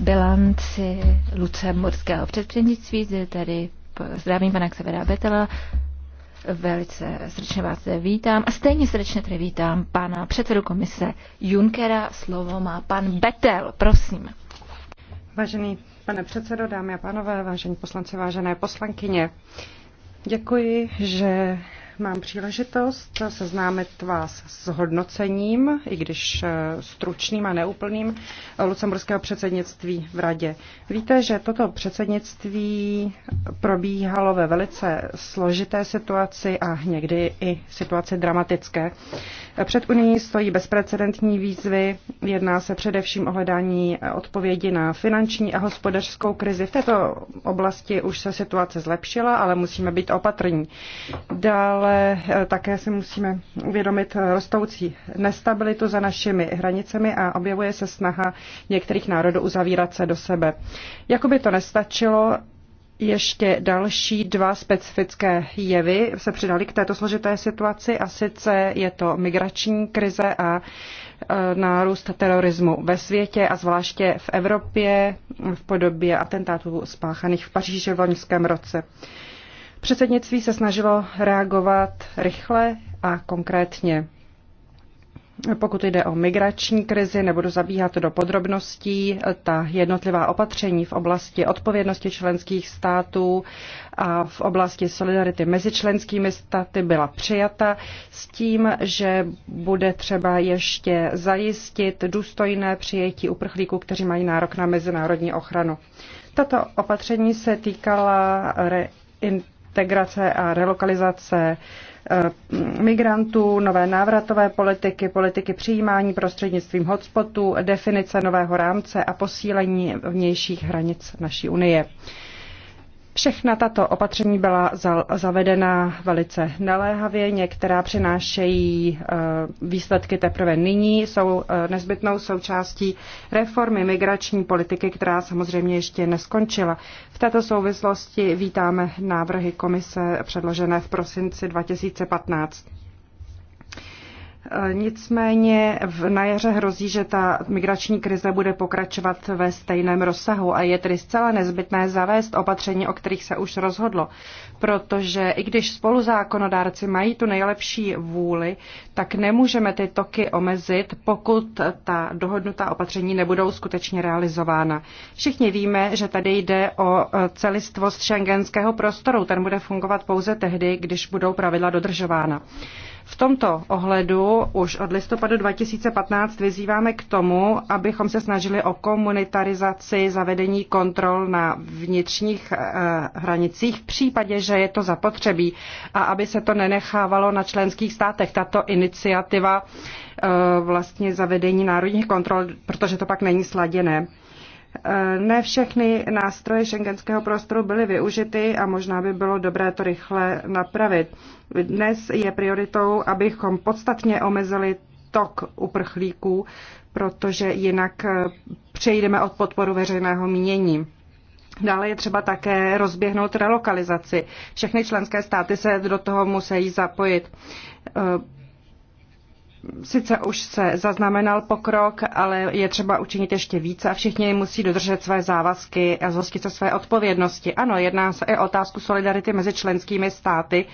bilanci lucemburského předsednictví. Tady zdravím pana Xavera Betela, velice srdečně vás vítám a stejně srdečně tady vítám pana předsedu komise Junkera. Slovo má pan Betel, prosím. Vážený pane předsedo, dámy a pánové, vážení poslanci, vážené poslankyně, děkuji, že mám příležitost seznámit vás s hodnocením, i když eh, stručným a neúplným, lucemburského předsednictví v Radě. Víte, že toto předsednictví probíhalo ve velice složité situaci a někdy i situaci dramatické. Před Unii stojí bezprecedentní výzvy, jedná se především o hledání odpovědi na finanční a hospodářskou krizi. V této oblasti už se situace zlepšila, ale musíme být opatrní. Dále ale eh, také si musíme uvědomit eh, rostoucí nestabilitu za našimi hranicemi a objevuje se snaha některých národů uzavírat se do sebe. Jakoby to nestačilo, ještě další dva specifické jevy se přidaly k této složité situaci a sice je to migrační krize a eh, nárůst terorismu ve světě a zvláště v Evropě v podobě atentátů spáchaných v Paříži v loňském roce. Předsednictví se snažilo reagovat rychle a konkrétně. Pokud jde o migrační krizi, nebudu zabíhat do podrobností, ta jednotlivá opatření v oblasti odpovědnosti členských států a v oblasti solidarity mezi členskými státy byla přijata s tím, že bude třeba ještě zajistit důstojné přijetí uprchlíků, kteří mají nárok na mezinárodní ochranu. Tato opatření se týkala re- integrace a relokalizace eh, migrantů, nové návratové politiky, politiky přijímání prostřednictvím hotspotů, definice nového rámce a posílení vnějších hranic naší unie. Všechna tato opatření byla zavedena velice naléhavě, některá přinášejí eh, výsledky teprve nyní, jsou eh, nezbytnou součástí reformy migrační politiky, která samozřejmě ještě neskončila. V této souvislosti vítáme návrhy komise předložené v prosinci 2015. Nicméně v, na jaře hrozí, že ta migrační krize bude pokračovat ve stejném rozsahu a je tedy zcela nezbytné zavést opatření, o kterých se už rozhodlo. Protože i když spoluzákonodárci mají tu nejlepší vůli, tak nemůžeme ty toky omezit, pokud ta dohodnutá opatření nebudou skutečně realizována. Všichni víme, že tady jde o e, celistvost šengenského prostoru. Ten bude fungovat pouze tehdy, když budou pravidla dodržována. V tomto ohledu už od listopadu 2015 vyzýváme k tomu, abychom se snažili o komunitarizaci zavedení kontrol na vnitřních eh, hranicích v případě, že je to zapotřebí a aby se to nenechávalo na členských státech. Tato iniciativa eh, vlastně zavedení národních kontrol, protože to pak není sladěné. Eh, ne všechny nástroje šengenského prostoru byly využity a možná by bylo dobré to rychle napravit. Dnes je prioritou, abychom podstatně omezili tok uprchlíků, protože jinak eh, přejdeme od podporu veřejného mínění. Dále je třeba také rozběhnout relokalizaci. Všechny členské státy se do toho musí zapojit. Eh, Sice už se zaznamenal pokrok, ale je třeba učinit ještě více a všichni musí dodržet své závazky a zhostit se své odpovědnosti. Ano, jedná se i o otázku solidarity mezi členskými státy,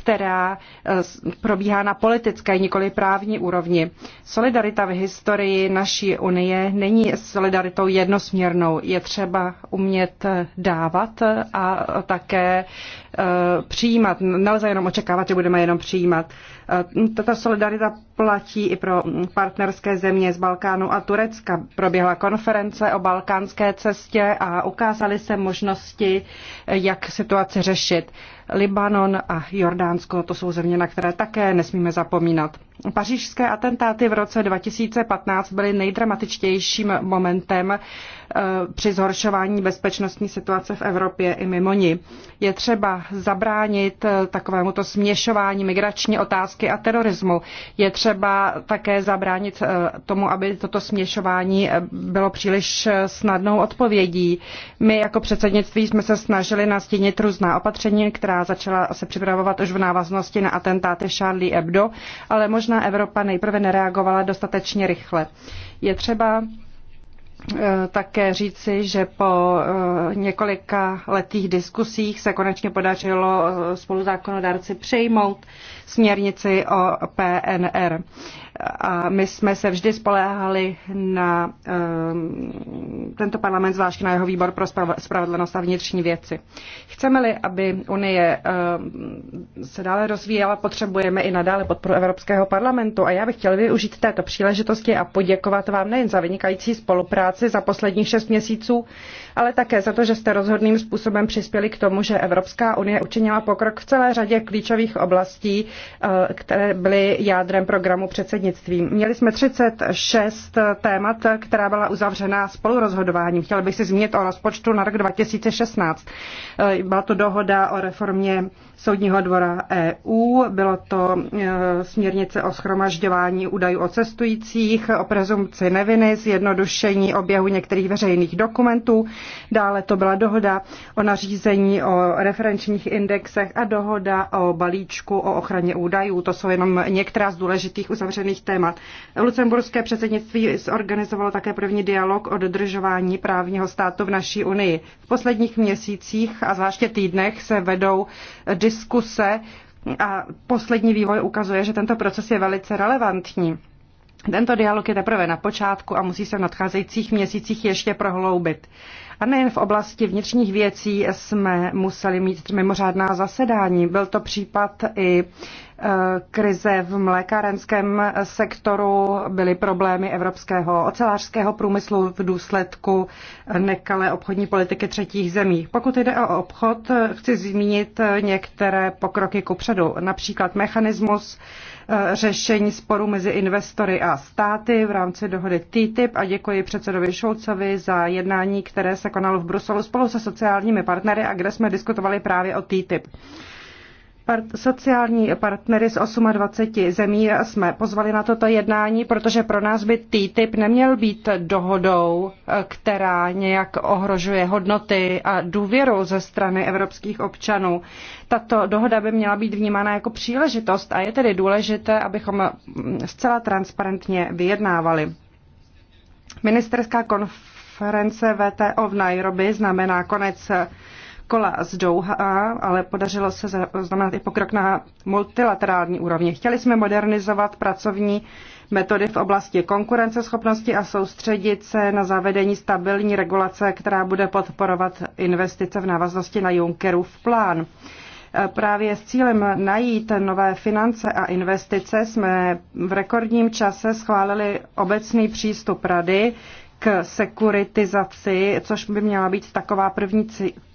která eh, probíhá na politické, nikoli právní úrovni. Solidarita v historii naší unie není solidaritou jednosměrnou. Je třeba umět eh, dávat a také eh, přijímat. Nelze jenom očekávat, že budeme jenom přijímat. Tato solidarita platí i pro partnerské země z Balkánu a Turecka. Proběhla konference o balkánské cestě a ukázaly se možnosti, jak situaci řešit. Libanon a Jordánsko, to jsou země, na které také nesmíme zapomínat. Pařížské atentáty v roce 2015 byly nejdramatičtějším momentem eh, při zhoršování bezpečnostní situace v Evropě i mimo ní. Je třeba zabránit eh, takovémuto směšování migrační otázky a terorismu. Je třeba také zabránit eh, tomu, aby toto směšování bylo příliš snadnou odpovědí. My jako předsednictví jsme se snažili nastínit různá opatření, která začala se připravovat už v návaznosti na atentáty Charlie Hebdo, ale možná společná Evropa nejprve nereagovala dostatečně rychle. Je třeba eh, také říci, že po eh, několika letých diskusích se konečně podařilo eh, spoluzákonodárci přejmout směrnici o PNR. A my jsme se vždy spoléhali na ehm, tento parlament, zvláště na jeho výbor pro spravedlnost a vnitřní věci. Chceme-li, aby Unie ehm, se dále rozvíjela, potřebujeme i nadále podporu Evropského parlamentu. A já bych chtěl využít této příležitosti a poděkovat vám nejen za vynikající spolupráci za posledních šest měsíců, ale také za to, že jste rozhodným způsobem přispěli k tomu, že Evropská unie učinila pokrok v celé řadě klíčových oblastí, eh, které byly jádrem programu předsednictví. Měli jsme 36 témat, která byla uzavřena spolurozhodováním. Chtěl bych si zmínit o rozpočtu na rok 2016. Eh, byla to dohoda o reformě Soudního dvora EU. Bylo to e, směrnice o schromažďování údajů o cestujících, o prezumci neviny, zjednodušení oběhu některých veřejných dokumentů. Dále to byla dohoda o nařízení o referenčních indexech a dohoda o balíčku o ochraně údajů. To jsou jenom některá z důležitých uzavřených témat. Lucemburské předsednictví zorganizovalo také první dialog o dodržování právního státu v naší unii. V posledních měsících a zvláště týdnech se vedou dis- diskuse a poslední vývoj ukazuje, že tento proces je velice relevantní. Tento dialog je teprve na počátku a musí se v nadcházejících měsících ještě prohloubit. A nejen v oblasti vnitřních věcí jsme museli mít mimořádná zasedání. Byl to případ i krize v mlékárenském sektoru, byly problémy evropského ocelářského průmyslu v důsledku nekalé obchodní politiky třetích zemí. Pokud jde o obchod, chci zmínit některé pokroky kupředu, například mechanismus eh, řešení sporu mezi investory a státy v rámci dohody TTIP a děkuji předsedovi Šulcovi za jednání, které se konalo v Bruselu spolu se sociálními partnery a kde jsme diskutovali právě o TTIP part, sociální partnery z 28 zemí jsme pozvali na toto jednání, protože pro nás by TTIP neměl být dohodou, která nějak ohrožuje hodnoty a důvěru ze strany evropských občanů. Tato dohoda by měla být vnímána jako příležitost a je tedy důležité, abychom zcela transparentně vyjednávali. Ministerská konference VTO v Nairobi znamená konec kola z Douha, ale podařilo se znamenat i pokrok na multilaterální úrovni. Chtěli jsme modernizovat pracovní metody v oblasti konkurenceschopnosti a soustředit se na zavedení stabilní regulace, která bude podporovat investice v návaznosti na Junckerův plán. E, právě s cílem najít nové finance a investice jsme v rekordním čase schválili obecný přístup Rady, k sekuritizaci, což by měla být taková první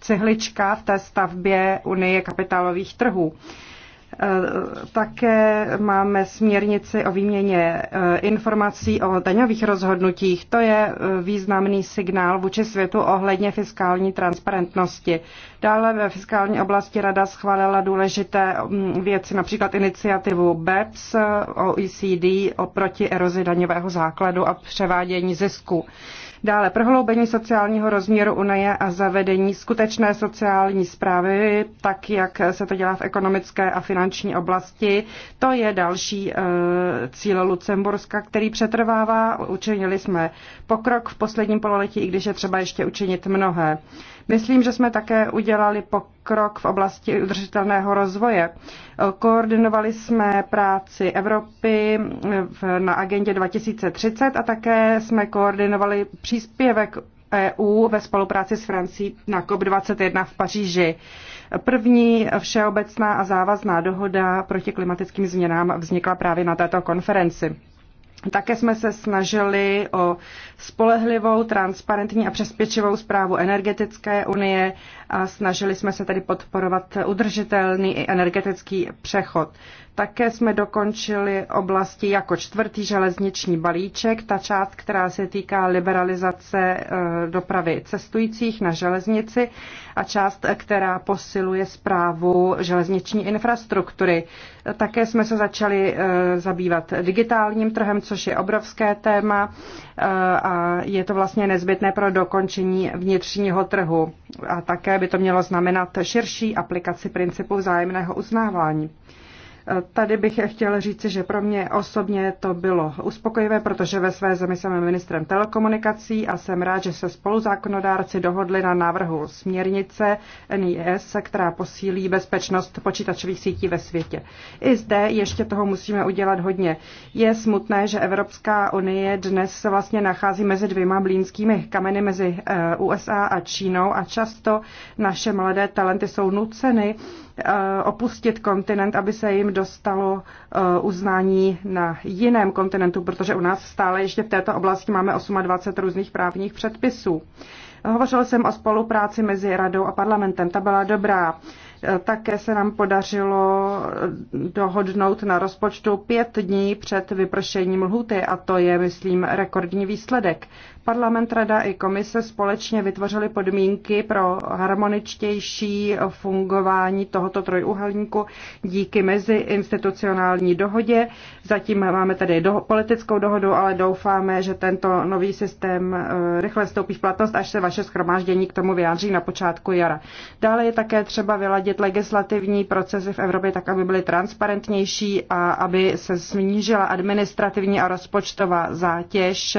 cihlička v té stavbě Unie kapitálových trhů. Eh, také máme směrnici o výměně eh, informací o daňových rozhodnutích. To je eh, významný signál vůči světu ohledně fiskální transparentnosti. Dále ve fiskální oblasti Rada schválila důležité mm, věci, například iniciativu BEPS, OECD oproti erozi daňového základu a převádění zisku. Dále prohloubení sociálního rozměru Unie a zavedení skutečné sociální zprávy, tak jak se to dělá v ekonomické a finanční oblasti. To je další eh, cíl Lucemburska, který přetrvává. Učinili jsme pokrok v posledním pololetí, i když je třeba ještě učinit mnohé. Myslím, že jsme také udělali pokrok v oblasti udržitelného rozvoje. Koordinovali jsme práci Evropy na agendě 2030 a také jsme koordinovali příspěvek EU ve spolupráci s Francií na COP21 v Paříži. První všeobecná a závazná dohoda proti klimatickým změnám vznikla právě na této konferenci. Také jsme se snažili o spolehlivou, transparentní a přesvědčivou zprávu energetické unie a snažili jsme se tedy podporovat udržitelný i energetický přechod. Také jsme dokončili oblasti jako čtvrtý železniční balíček, ta část, která se týká liberalizace e, dopravy cestujících na železnici a část, e, která posiluje zprávu železniční infrastruktury. Také jsme se začali e, zabývat digitálním trhem, což je obrovské téma a je to vlastně nezbytné pro dokončení vnitřního trhu. A také by to mělo znamenat širší aplikaci principu vzájemného uznávání. Tady bych chtěl říci, že pro mě osobně to bylo uspokojivé, protože ve své zemi jsem ministrem telekomunikací a jsem rád, že se spoluzákonodárci dohodli na návrhu směrnice NIS, která posílí bezpečnost počítačových sítí ve světě. I zde ještě toho musíme udělat hodně. Je smutné, že Evropská unie dnes se vlastně nachází mezi dvěma blínskými kameny mezi eh, USA a Čínou a často naše mladé talenty jsou nuceny Eh, opustit kontinent, aby se jim dostalo eh, uznání na jiném kontinentu, protože u nás stále ještě v této oblasti máme 28 různých právních předpisů. Hovořil jsem o spolupráci mezi radou a parlamentem, ta byla dobrá. Eh, také se nám podařilo dohodnout na rozpočtu pět dní před vypršením lhuty a to je, myslím, rekordní výsledek. Parlament, Rada i Komise společně vytvořili podmínky pro harmoničtější fungování tohoto trojuhelníku díky meziinstitucionální dohodě. Zatím máme tady do, politickou dohodu, ale doufáme, že tento nový systém eh, rychle vstoupí v platnost, až se vaše schromáždění k tomu vyjádří na počátku jara. Dále je také třeba vyladit legislativní procesy v Evropě tak, aby byly transparentnější a aby se snížila administrativní a rozpočtová zátěž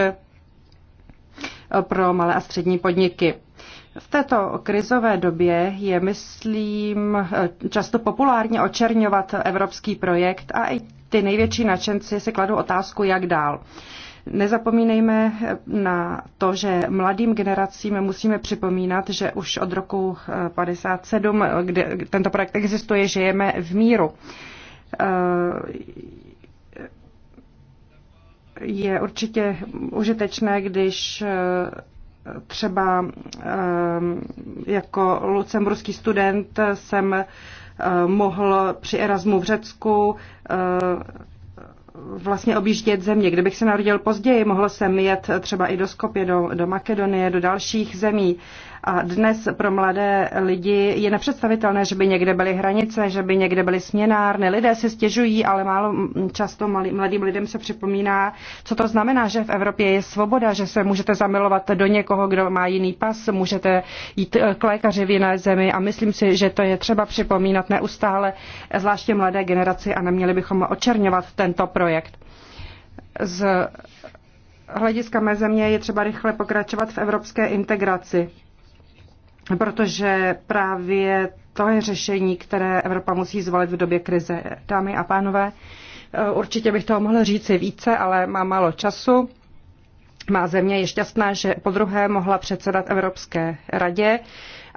pro malé a střední podniky. V této krizové době je, myslím, často populárně očerňovat evropský projekt a i ty největší nadšenci si kladou otázku, jak dál. Nezapomínejme na to, že mladým generacím musíme připomínat, že už od roku 57, eh, kdy tento projekt existuje, žijeme v míru eh, je určitě užitečné, když eh, třeba eh, jako lucemburský student jsem eh, mohl při Erasmu v Řecku vlastně objíždět země. Kdybych se narodil později, mohl jsem jet třeba i do Skopje, do, do Makedonie, do dalších zemí. A dnes pro mladé lidi je nepředstavitelné, že by někde byly hranice, že by někde byly směnárny. Lidé se stěžují, ale málo často mladým lidem se připomíná, co to znamená, že v Evropě je svoboda, že se můžete zamilovat do někoho, kdo má jiný pas, můžete jít eh, k lékaři v jiné zemi a myslím si, že to je třeba připomínat neustále, zvláště mladé generaci a neměli bychom očerňovat tento projekt. Z hlediska mé země je třeba rychle pokračovat v evropské integraci protože právě to je řešení, které Evropa musí zvolit v době krize. Dámy a pánové, určitě bych toho mohla říci více, ale mám málo času. Má země je šťastná, že po druhé mohla předsedat Evropské radě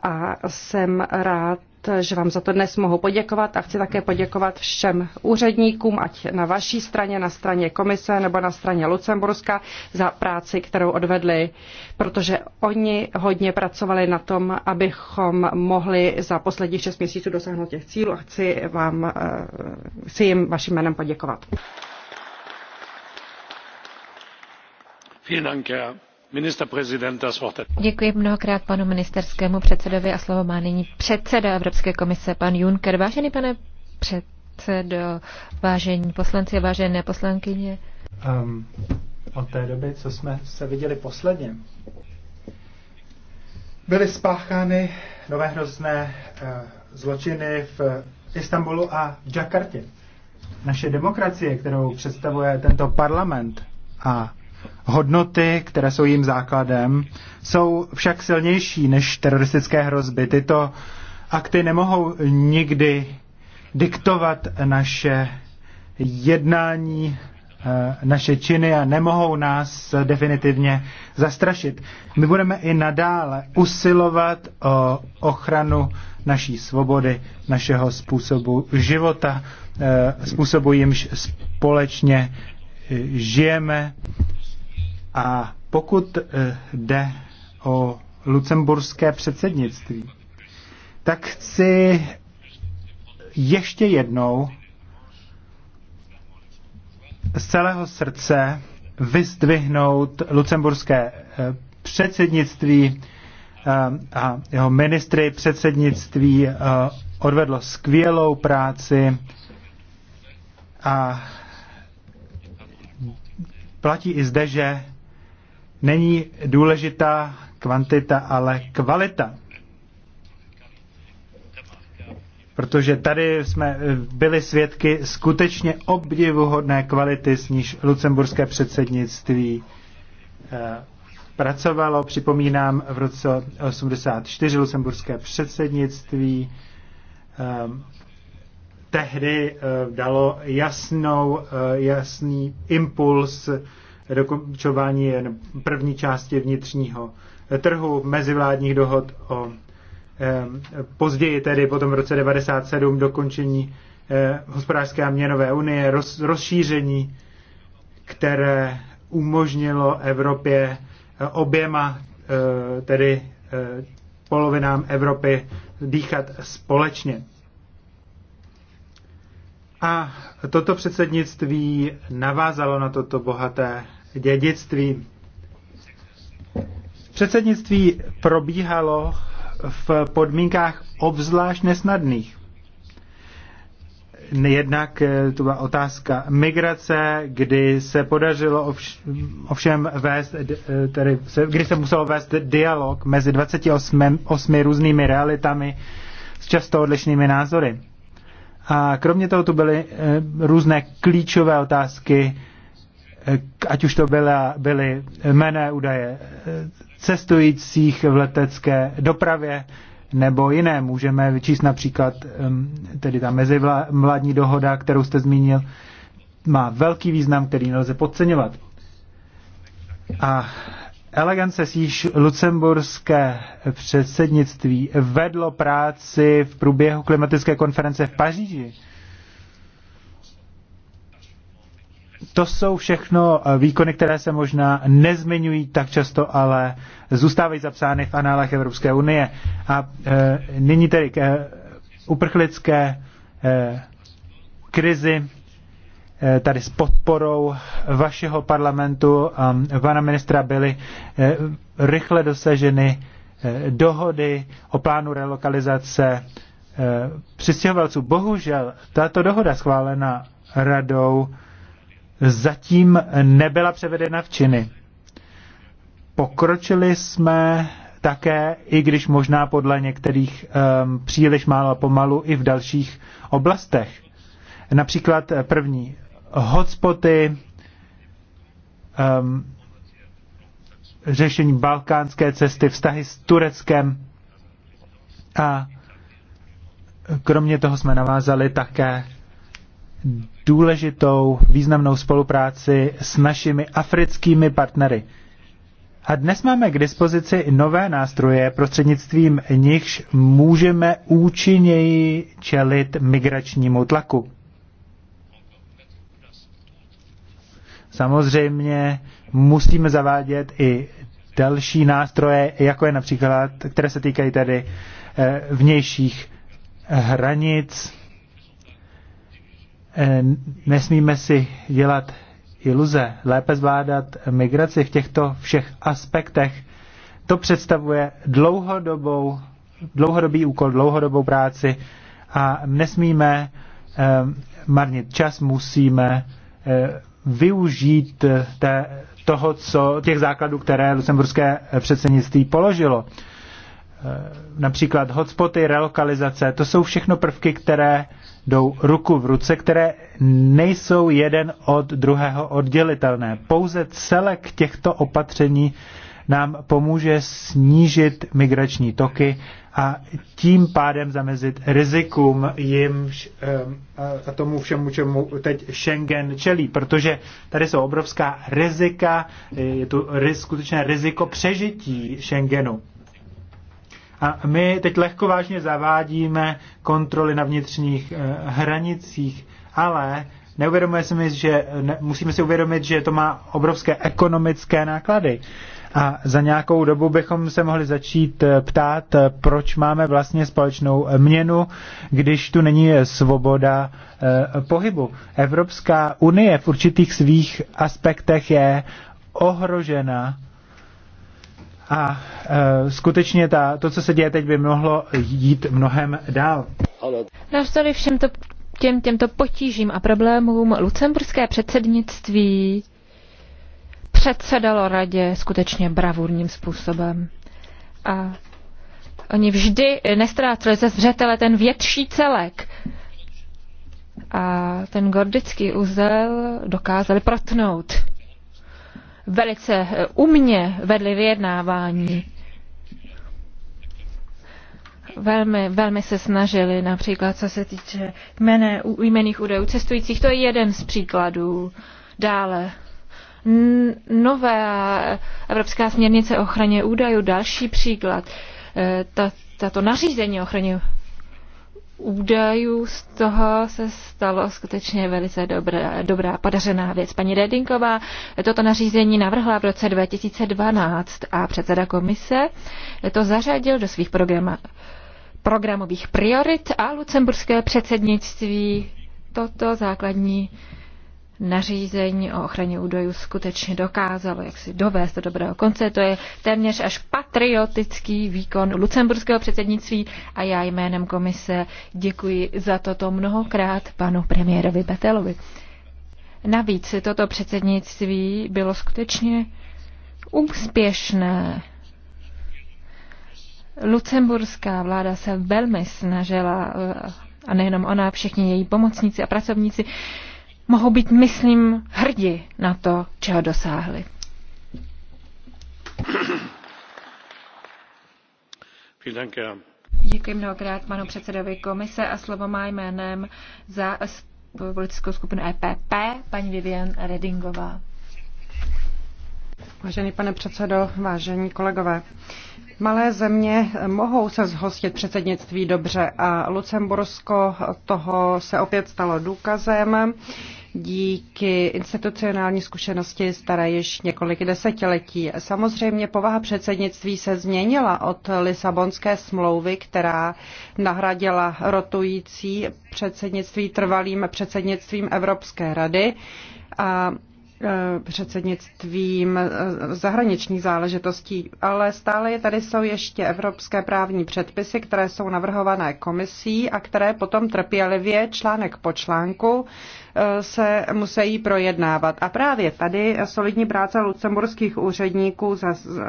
a jsem rád, že vám za to dnes mohu poděkovat a chci také poděkovat všem úředníkům, ať na vaší straně, na straně komise nebo na straně Lucemburska za práci, kterou odvedli, protože oni hodně pracovali na tom, abychom mohli za posledních šest měsíců dosáhnout těch cílů a chci, vám, eh, chci jim vaším jménem poděkovat. Vielen Dank, Herr Děkuji mnohokrát panu ministerskému předsedovi a slovo má nyní předseda Evropské komise, pan Juncker. Vážený pane předsedo, vážení poslanci a vážené poslankyně. Um, od té doby, co jsme se viděli posledně, byly spáchány nové hrozné uh, zločiny v Istanbulu a v Jakartě. Naše demokracie, kterou představuje tento parlament a Hodnoty, které jsou jim základem, jsou však silnější než teroristické hrozby. Tyto akty nemohou nikdy diktovat naše jednání, eh, naše činy a nemohou nás definitivně zastrašit. My budeme i nadále usilovat o ochranu naší svobody, našeho způsobu života, eh, způsobu jimž společně eh, žijeme a pokud eh, jde o lucemburské předsednictví, tak chci ještě jednou z celého srdce vyzdvihnout lucemburské eh, předsednictví eh, a jeho ministry předsednictví odvedlo skvělou práci a platí i zde, že Není důležitá kvantita, ale kvalita. Protože tady jsme eh, byli svědky skutečně obdivuhodné kvality, s níž lucemburské předsednictví eh, pracovalo. Připomínám v roce 84 lucemburské předsednictví eh, tehdy dalo jasnou, jasný impuls dokončování jen první části vnitřního trhu mezivládních dohod o později tedy potom v roce 97 dokončení eh, hospodářské a měnové unie, rozšíření, které umožnilo Evropě eh, oběma eh, tedy polovinám Evropy dýchat společně. A toto předsednictví navázalo na toto bohaté dědictví. Předsednictví probíhalo v podmínkách obzvlášť nesnadných. Jednak eh, to byla otázka migrace, kdy se podařilo ovšem vést, eh, tedy se, kdy se muselo vést dialog mezi 28 8 různými realitami s často odlišnými názory. A kromě toho tu byly eh, různé klíčové otázky Eh, ať už to byla, byly jmené údaje eh, cestujících v letecké dopravě nebo jiné. Můžeme vyčíst například tedy ta mezivládní dohoda, kterou jste zmínil, má velký význam, který nelze podceňovat. A elegance síž lucemburské předsednictví vedlo práci v průběhu klimatické konference v Paříži To jsou všechno eh, výkony, které se možná nezmiňují tak často, ale zůstávají zapsány v análech Evropské unie. A e, nyní tedy k e, uprchlické e, krizi e, tady s podporou vašeho parlamentu a pana ministra byly e, rychle dosaženy e, dohody o plánu relokalizace e, přistěhovalců. Bohužel tato dohoda schválena radou e, zatím nebyla převedena v činy. Pokročili jsme také, i když možná podle některých um, příliš málo pomalu, i v dalších oblastech. Například první hotspoty, um, řešení balkánské cesty, vztahy s Tureckem a kromě toho jsme navázali také důležitou, významnou spolupráci s našimi africkými partnery. A dnes máme k dispozici nové nástroje, prostřednictvím nichž můžeme účinněji čelit migračnímu tlaku. Samozřejmě musíme zavádět i další nástroje, jako je například, které se týkají tady eh, vnějších hranic, Eh, nesmíme si dělat iluze. Lépe zvládat migraci v těchto všech aspektech, to představuje dlouhodobou, dlouhodobý úkol, dlouhodobou práci a nesmíme eh, marnit čas, musíme eh, využít eh, té, toho, co, těch základů, které lucemburské předsednictví položilo. Eh, například hotspoty, relokalizace, to jsou všechno prvky, které jdou ruku v ruce, které nejsou jeden od druhého oddělitelné. Pouze celek těchto opatření nám pomůže snížit migrační toky a tím pádem zamezit rizikům jim a tomu všemu, čemu teď Schengen čelí, protože tady jsou obrovská rizika, je tu skutečné riziko přežití Schengenu. A my teď lehko vážně zavádíme kontroly na vnitřních eh, hranicích, ale neuvědomuje se mi, že ne, musíme si uvědomit, že to má obrovské ekonomické náklady. A za nějakou dobu bychom se mohli začít eh, ptát, eh, proč máme vlastně společnou měnu, když tu není svoboda pohybu. Evropská unie v určitých svých aspektech je ohrožena a e, skutečně ta, to, co se děje teď, by mohlo jít mnohem dál. Navzdory všem to, těm, těmto potížím a problémům lucemburské předsednictví předsedalo radě skutečně bravurním způsobem. A oni vždy nestráceli ze zřetele ten větší celek. A ten gordický uzel dokázali protnout velice eh, umně vedli vyjednávání. Velmi, velmi se snažili, například co se týče jmené, jmených údajů cestujících. To je jeden z příkladů. Dále nová Evropská směrnice o ochraně údajů, další příklad. Eh, ta, tato nařízení o ochraně údajů z toho se stalo skutečně velice dobrá, dobrá podařená věc. Paní Redinková toto nařízení navrhla v roce 2012 a předseda komise to zařadil do svých programa, programových priorit a lucemburské předsednictví toto základní nařízení o ochraně údajů skutečně dokázalo, jak si dovést do dobrého konce. To je téměř až patriotický výkon lucemburského předsednictví a já jménem komise děkuji za toto mnohokrát panu premiérovi Betelovi. Navíc toto předsednictví bylo skutečně úspěšné. Lucemburská vláda se velmi snažila, eh, a nejenom ona, všichni její pomocníci a pracovníci, mohou být, myslím, hrdi na to, čeho dosáhli. Děkuji mnohokrát panu předsedovi komise a slovo má jménem za politickou skupinu EPP paní Vivian Redingová. Vážený pane předsedo, vážení kolegové, Malé země mohou se zhostit předsednictví dobře a Lucembursko toho se opět stalo důkazem díky institucionální zkušenosti staré již několik desetiletí. Samozřejmě povaha předsednictví se změnila od Lisabonské smlouvy, která nahradila rotující předsednictví trvalým předsednictvím Evropské rady. A Eh, předsednictvím eh, zahraničních záležitostí, ale stále je tady jsou ještě evropské právní předpisy, které jsou navrhované komisí a které potom trpělivě článek po článku eh, se musí projednávat. A právě tady solidní práce lucemburských úředníků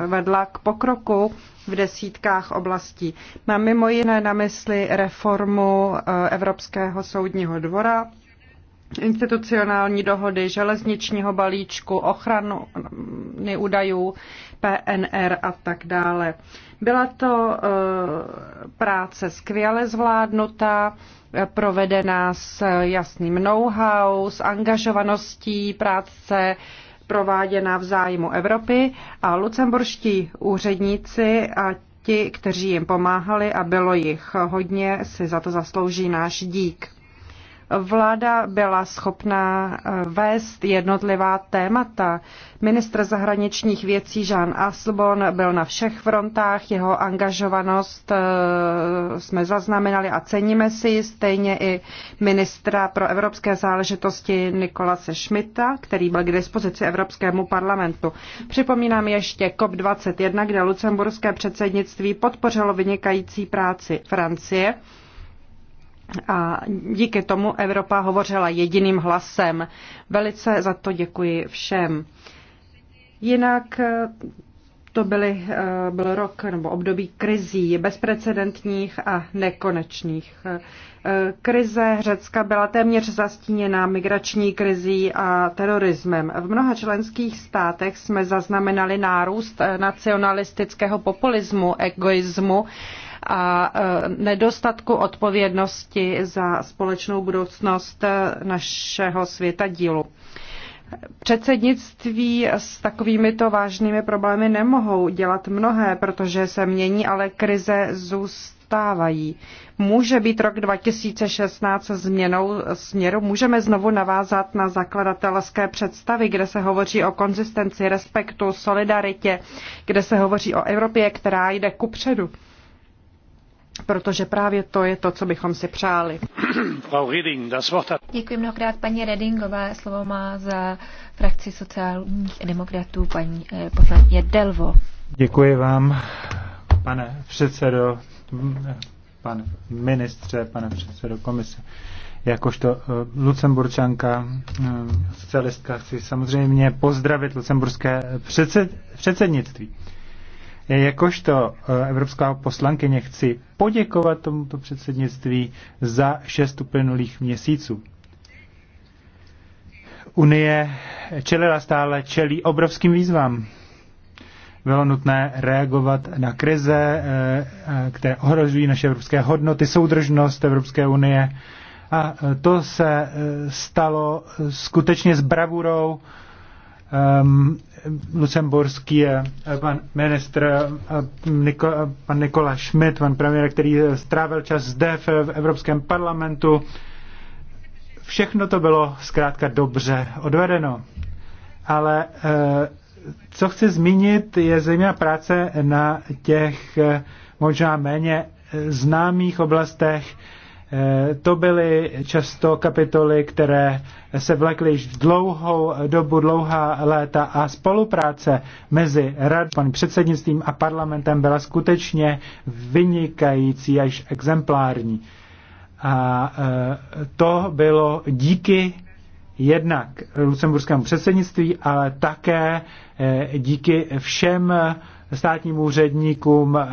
vedla k pokroku v desítkách oblastí. Mám mimo jiné na mysli reformu Evropského soudního dvora, institucionální dohody, železničního balíčku, ochranu mm, údajů, PNR a tak dále. Byla to eh, práce skvěle zvládnutá, eh, provedená s jasným know-how, s angažovaností práce prováděná v zájmu Evropy a lucemburští úředníci a ti, kteří jim pomáhali a bylo jich hodně, si za to zaslouží náš dík. Vláda byla schopná eh, vést jednotlivá témata. Ministr zahraničních věcí Jean Aslbon byl na všech frontách, jeho angažovanost eh, jsme zaznamenali a ceníme si, stejně i ministra pro evropské záležitosti Nikolase Schmidta, který byl k dispozici Evropskému parlamentu. Připomínám ještě COP21, kde lucemburské předsednictví podpořilo vynikající práci Francie a díky tomu Evropa hovořila jediným hlasem. Velice za to děkuji všem. Jinak eh, to byly, eh, byl rok nebo období krizí bezprecedentních a nekonečných. Eh, krize Řecka byla téměř zastíněná migrační krizí a terorismem. V mnoha členských státech jsme zaznamenali nárůst nacionalistického populismu, egoismu a e, nedostatku odpovědnosti za společnou budoucnost e, našeho světa dílu. Předsednictví s takovýmito vážnými problémy nemohou dělat mnohé, protože se mění, ale krize zůstávají. Může být rok 2016 změnou směru? Můžeme znovu navázat na zakladatelské představy, kde se hovoří o konzistenci, respektu, solidaritě, kde se hovoří o Evropě, která jde kupředu protože právě to je to, co bychom si přáli. Děkuji mnohokrát paní Redingová. Slovo má za frakci sociálních demokratů paní eh, poslankyně Delvo. Děkuji vám, pane předsedo, pane ministře, pane předsedo komise. Jakožto uh, lucemburčanka, uh, socialistka, chci samozřejmě pozdravit lucemburské předsed, předsednictví. Uh, Jakožto eh, evropská poslankyně chci poděkovat tomuto předsednictví za šest uplynulých měsíců. Unie čelila stále, čelí obrovským výzvám. Bylo nutné reagovat na krize, eh, eh, které ohrožují naše evropské hodnoty, soudržnost Evropské unie. A to se stalo skutečně s bravurou, um, lucemburský eh, pan ministr, eh, Niko, eh, pan Nikola Schmidt, pan premiér, který strávil čas zde v, v Evropském parlamentu. Všechno to bylo zkrátka dobře odvedeno. Ale co chci zmínit, je zejména práce na těch možná méně známých oblastech, Eh, to byly často kapitoly, které se vlekly již v dlouhou dobu, dlouhá léta a spolupráce mezi radou, předsednictvím a parlamentem byla skutečně vynikající až exemplární. A eh, to bylo díky jednak lucemburskému předsednictví, ale také eh, díky všem státním úředníkům, eh,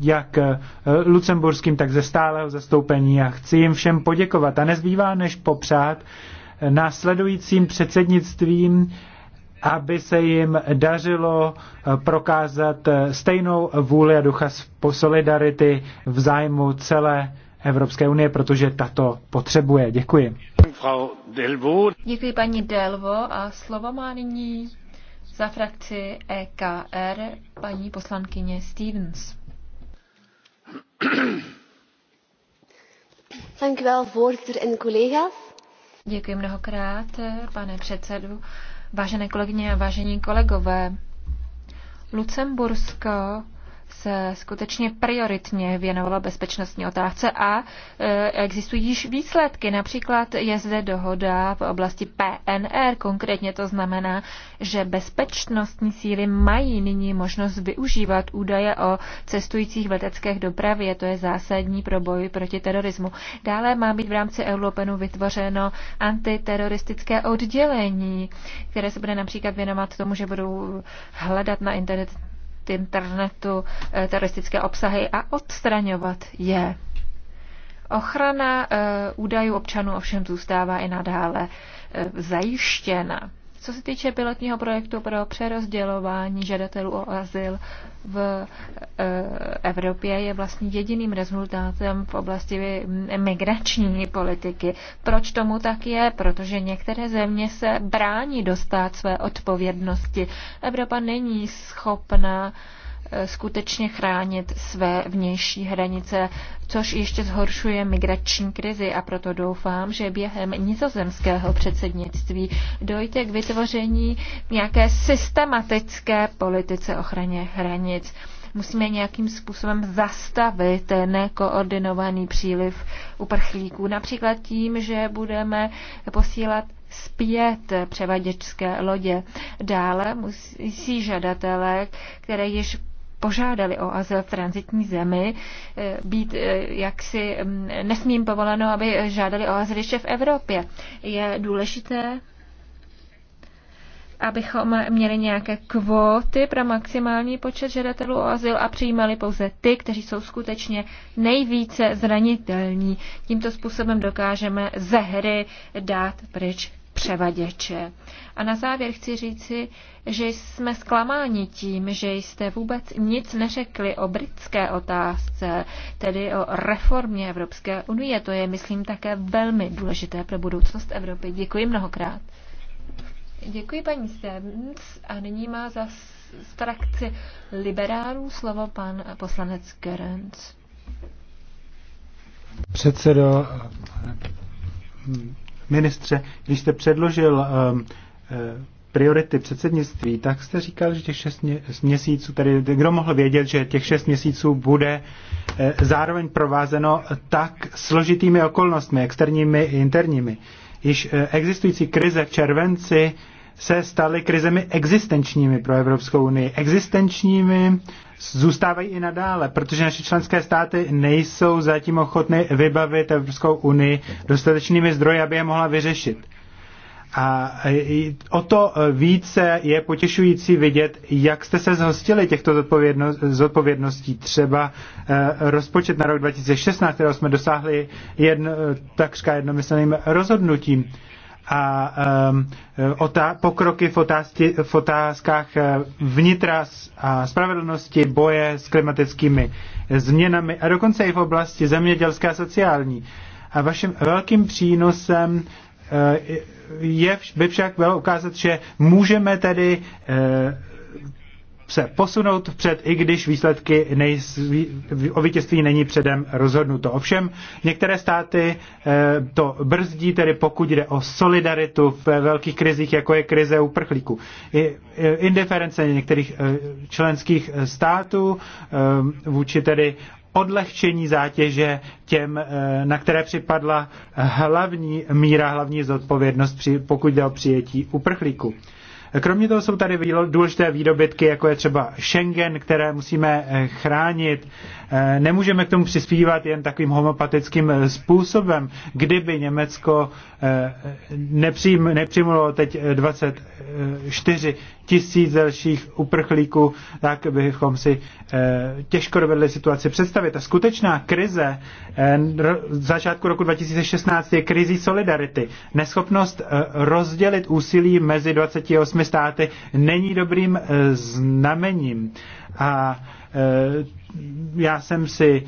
jak eh, lucemburským, tak ze stáleho zastoupení a chci jim všem poděkovat. A nezbývá než popřát následujícím předsednictvím, aby se jim dařilo eh, prokázat stejnou vůli a ducha solidarity v zájmu celé Evropské unie, protože tato potřebuje. Děkuji. Děkuji paní Delvo a slovo má nyní za frakci EKR paní poslankyně Stevens. Dank u wel, voorzitter en collega's. Děkuji mnohokrát, pane předsedu. Vážené kolegyně a vážení kolegové, Lucembursko se skutečně prioritně věnovala bezpečnostní otázce a e, existují již výsledky. Například je zde dohoda v oblasti PNR, konkrétně to znamená, že bezpečnostní síly mají nyní možnost využívat údaje o cestujících v letecké dopravě, to je zásadní pro boj proti terorismu. Dále má být v rámci Europenu vytvořeno antiteroristické oddělení, které se bude například věnovat tomu, že budou hledat na internetu internetu eh, teroristické obsahy a odstraňovat je. Ochrana eh, údajů občanů ovšem zůstává i nadále eh, zajištěna. Co se týče pilotního projektu pro přerozdělování žadatelů o azyl v e, Evropě, je vlastně jediným rezultátem v oblasti migrační politiky. Proč tomu tak je? Protože některé země se brání dostat své odpovědnosti. Evropa není schopna uh, Eh, skutečně chránit své vnější hranice, což ještě zhoršuje migrační krizi a proto doufám, že během nizozemského předsednictví dojde k vytvoření nějaké systematické politice ochraně hranic. Musíme nějakým způsobem zastavit nekoordinovaný příliv uprchlíků, například tím, že budeme posílat zpět převaděčské lodě. Dále musí žadatelé, které již požádali o azyl v transitní zemi, eh, být eh, jaksi mm, nesmím povoleno, aby žádali o azyl ještě v Evropě. Je důležité abychom měli nějaké kvóty pro maximální počet žadatelů o azyl a přijímali pouze ty, kteří jsou skutečně nejvíce zranitelní. Tímto způsobem dokážeme ze hry dát pryč převaděče. A na závěr chci říci, že jsme zklamáni tím, že jste vůbec nic neřekli o britské otázce, tedy o reformě Evropské unie. To je, myslím, také velmi důležité pro budoucnost Evropy. Děkuji mnohokrát. Děkuji paní Stevens a nyní má za frakci liberálů slovo pan poslanec Gerenc. Předsedo, ministře, když jste předložil um, eh, priority předsednictví, tak jste říkal, že těch šest měsíců, tedy kdo mohl vědět, že těch šest měsíců bude eh, zároveň provázeno tak složitými okolnostmi, externími i interními. Již eh, existující krize v červenci se staly krizemi existenčními pro Evropskou unii. Existenčními zůstávají i nadále, protože naše členské státy nejsou zatím ochotny vybavit Evropskou unii dostatečnými zdroji, aby je mohla vyřešit. A o to více je potěšující vidět, jak jste se zhostili těchto zodpovědností. Třeba eh, rozpočet na rok 2016, kterého jsme dosáhli jedno, takřka jednomyslným rozhodnutím a um, otá- pokroky v, otázky, v otázkách eh, vnitra a spravedlnosti, boje s klimatickými změnami a dokonce i v oblasti zemědělské a sociální. A vaším velkým přínosem eh, je, by však bylo ukázat, že můžeme tedy eh, se posunout před, i když výsledky nej, o vítězství není předem rozhodnuto. Ovšem, některé státy eh, to brzdí, tedy pokud jde o solidaritu v velkých krizích, jako je krize uprchlíků. Eh, indiference některých eh, členských států vůči tedy odlehčení zátěže těm, na které připadla hlavní míra, hlavní zodpovědnost, pokud jde o přijetí uprchlíku. Kromě toho jsou tady důležité výdobytky, jako je třeba Schengen, které musíme eh, chránit. Eh, nemůžeme k tomu přispívat jen takovým homopatickým eh, způsobem. Kdyby Německo nepřijmulo teď 24 tisíc dalších uprchlíků, tak bychom si eh, těžko dovedli situaci představit. A skutečná krize eh, začátku roku 2016 je krizí solidarity. Neschopnost eh, rozdělit úsilí mezi 28 státy není dobrým znamením. A já jsem si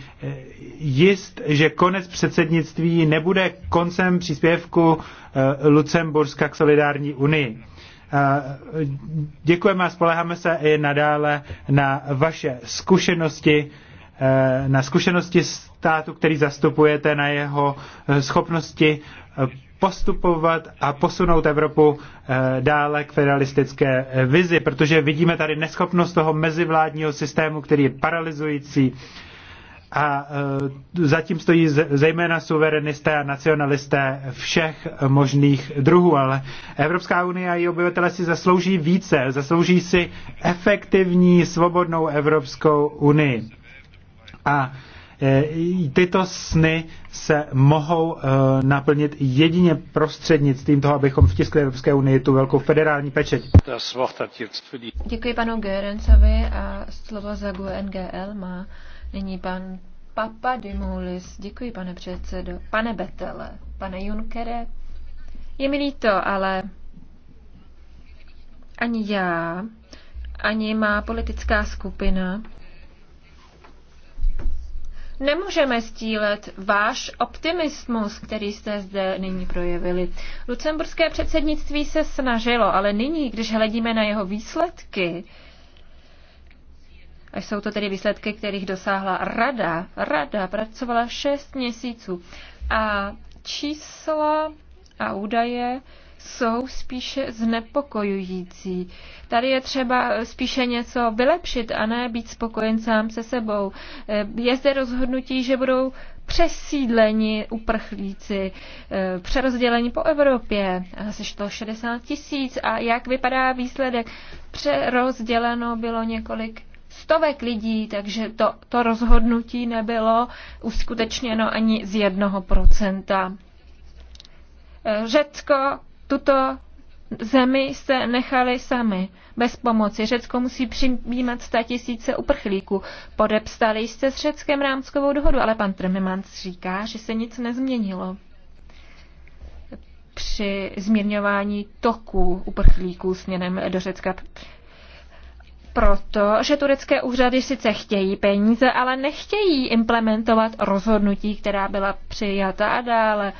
jist, že konec předsednictví nebude koncem příspěvku Lucemburska k solidární unii. Eh, děkujeme a spoleháme se i nadále na vaše zkušenosti, eh, na zkušenosti státu, který zastupujete, na jeho eh, schopnosti postupovat a posunout Evropu dále k federalistické vizi, protože vidíme tady neschopnost toho mezivládního systému, který je paralizující a e, zatím stojí zejména suverenisté a nacionalisté všech možných druhů, ale Evropská unie a její obyvatele si zaslouží více, zaslouží si efektivní, svobodnou Evropskou unii. A e, tyto sny se mohou e, naplnit jedině prostřednictvím toho, abychom vtiskli Evropské unii tu velkou federální pečeť. Děkuji panu Gerencovi a slovo za GUNGL má Nyní pan Papa Dimulis. Děkuji, pane předsedo. Pane Betele, pane Junkere. Je mi líto, ale ani já, ani má politická skupina Nemůžeme stílet váš optimismus, který jste zde nyní projevili. Lucemburské předsednictví se snažilo, ale nyní, když hledíme na jeho výsledky, a jsou to tedy výsledky, kterých dosáhla rada. Rada pracovala 6 měsíců. A čísla a údaje jsou spíše znepokojující. Tady je třeba eh, spíše něco vylepšit a ne být spokojen sám se sebou. Eh, je zde rozhodnutí, že budou přesídleni uprchlíci, eh, přerozděleni po Evropě, asi 160 tisíc. A jak vypadá výsledek? Přerozděleno bylo několik stovek lidí, takže to, to rozhodnutí nebylo uskutečněno ani z jednoho procenta. Řecko tuto zemi se nechali sami, bez pomoci. Řecko musí přijímat sta tisíce uprchlíků. Podepstali jste s Řeckem rámskovou dohodu, ale pan Trememans říká, že se nic nezměnilo při zmírňování toku uprchlíků směrem do Řecka proto, že turecké úřady sice chtějí peníze, ale nechtějí implementovat rozhodnutí, která byla přijata a dále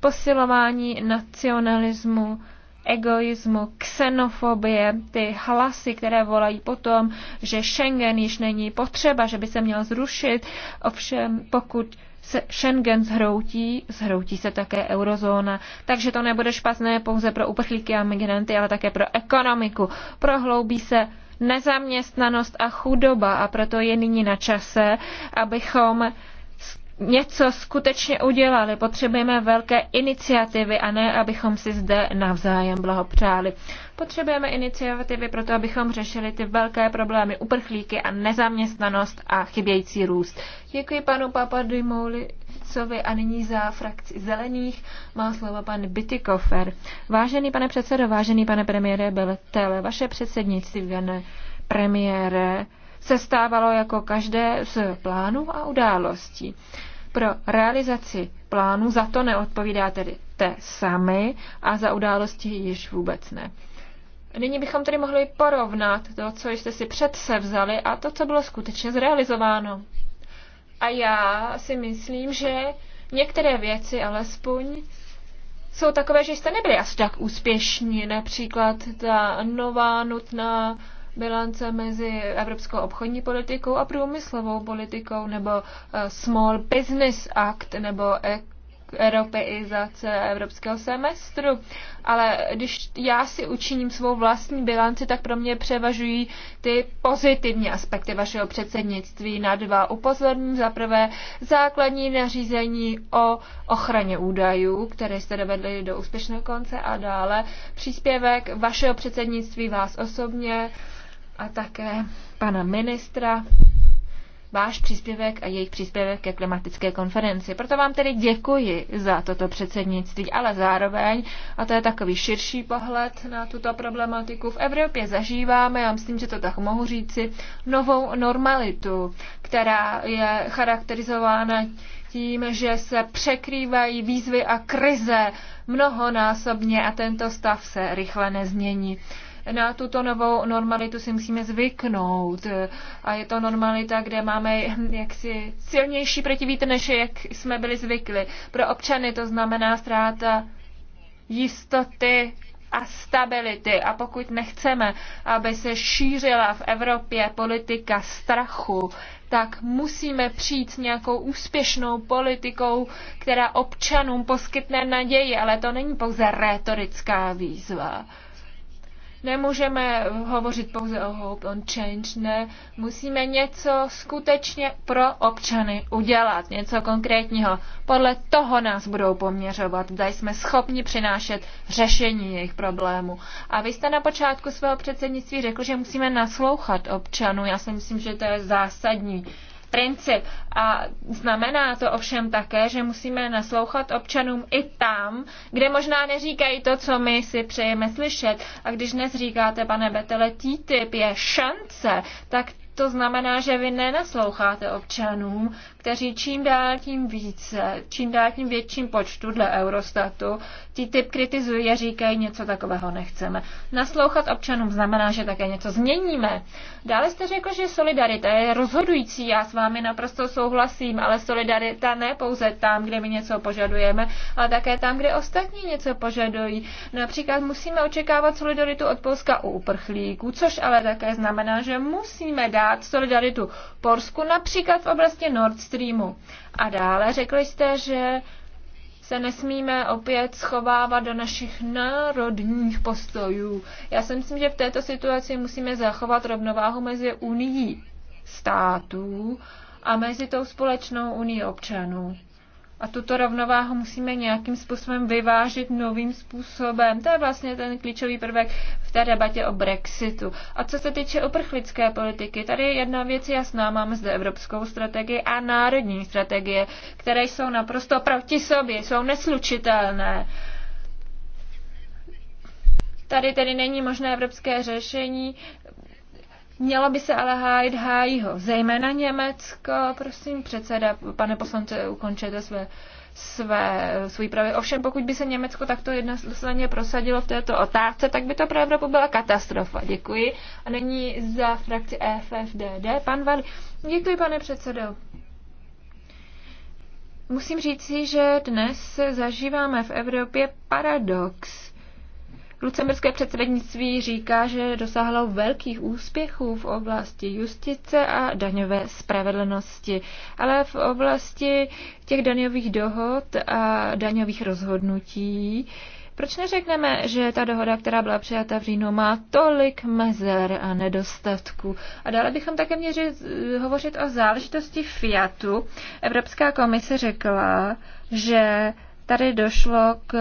posilování nacionalismu, egoismu, ksenofobie, ty hlasy, které volají potom, že Schengen již není potřeba, že by se měl zrušit. Ovšem, pokud se Schengen zhroutí, zhroutí se také eurozóna, takže to nebude špatné pouze pro uprchlíky a migranty, ale také pro ekonomiku. Prohloubí se nezaměstnanost a chudoba a proto je nyní na čase, abychom něco skutečně udělali. Potřebujeme velké iniciativy a ne, abychom si zde navzájem blahopřáli. Potřebujeme iniciativy proto, abychom řešili ty velké problémy uprchlíky a nezaměstnanost a chybějící růst. Děkuji panu Papadimouli Šulcovi a nyní za frakci zelených má slovo pan Bytykofer. Vážený pane předsedo, vážený pane premiére Beletele, vaše předsednictví, pane premiére, se stávalo jako každé z plánů a událostí. Pro realizaci plánu za to neodpovídá tedy te sami a za události již vůbec ne. Nyní bychom tedy mohli porovnat to, co jste si předsevzali a to, co bylo skutečně zrealizováno. A já si myslím, že některé věci alespoň jsou takové, že jste nebyli asi tak úspěšní. Například ta nová nutná bilance mezi evropskou obchodní politikou a průmyslovou politikou, nebo eh, Small Business Act, nebo e- Evropy i za celé evropského semestru. Ale když já si učiním svou vlastní bilanci, tak pro mě převažují ty pozitivní aspekty vašeho předsednictví na dva. Upozorním za prvé základní nařízení o ochraně údajů, které jste dovedli do úspěšného konce a dále příspěvek vašeho předsednictví vás osobně a také pana ministra váš příspěvek a jejich příspěvek ke klimatické konferenci. Proto vám tedy děkuji za toto předsednictví, ale zároveň, a to je takový širší pohled na tuto problematiku, v Evropě zažíváme, já myslím, že to tak mohu říci, novou normalitu, která je charakterizována tím, že se překrývají výzvy a krize mnohonásobně a tento stav se rychle nezmění. Na tuto novou normalitu si musíme zvyknout. A je to normalita, kde máme jaksi silnější protivítr, než jak jsme byli zvykli. Pro občany to znamená ztráta jistoty a stability. A pokud nechceme, aby se šířila v Evropě politika strachu, tak musíme přijít s nějakou úspěšnou politikou, která občanům poskytne naději, ale to není pouze rétorická výzva. Nemůžeme hovořit pouze o hope on change, ne. Musíme něco skutečně pro občany udělat, něco konkrétního. Podle toho nás budou poměřovat, zda jsme schopni přinášet řešení jejich problémů. A vy jste na počátku svého předsednictví řekl, že musíme naslouchat občanů. Já si myslím, že to je zásadní princip. A znamená to ovšem také, že musíme naslouchat občanům i tam, kde možná neříkají to, co my si přejeme slyšet. A když dnes říkáte, pane Betele, TTIP je šance, tak to znamená, že vy nenasloucháte občanům, kteří čím dál tím více, čím dál tím větším počtu dle Eurostatu ty typ kritizují a říkají, něco takového nechceme. Naslouchat občanům znamená, že také něco změníme. Dále jste řekl, že solidarita je rozhodující, já s vámi naprosto souhlasím, ale solidarita ne pouze tam, kde my něco požadujeme, ale také tam, kde ostatní něco požadují. Například musíme očekávat solidaritu od Polska u uprchlíků, což ale také znamená, že musíme dát solidaritu Polsku například v oblasti Nord Stream mainstreamu. A dále řekli jste, že se nesmíme opět schovávat do našich národních postojů. Já si myslím, že v této situaci musíme zachovat rovnováhu mezi unii států a mezi tou společnou unii občanů. A tuto rovnováhu musíme nějakým způsobem vyvážit novým způsobem. To je vlastně ten klíčový prvek v té debatě o Brexitu. A co se týče uprchlické politiky, tady je jedna věc jasná. Máme zde evropskou strategii a národní strategie, které jsou naprosto proti sobě, jsou neslučitelné. Tady tedy není možné evropské řešení Mělo by se ale hájit, hájího, ho zejména Německo. Prosím, předseda, pane poslance, ukončete své, své, svůj pravě. Ovšem, pokud by se Německo takto jednostranně prosadilo v této otázce, tak by to pro Evropu byla katastrofa. Děkuji. A není za frakci EFFDD pan Vali. Děkuji, pane předsedo. Musím říci, že dnes zažíváme v Evropě paradox Lucemburské předsednictví říká, že dosáhlo velkých úspěchů v oblasti justice a daňové spravedlnosti, ale v oblasti těch daňových dohod a daňových rozhodnutí proč neřekneme, že ta dohoda, která byla přijata v říjnu, má tolik mezer a nedostatků? A dále bychom také měli hovořit o záležitosti Fiatu. Evropská komise řekla, že tady došlo k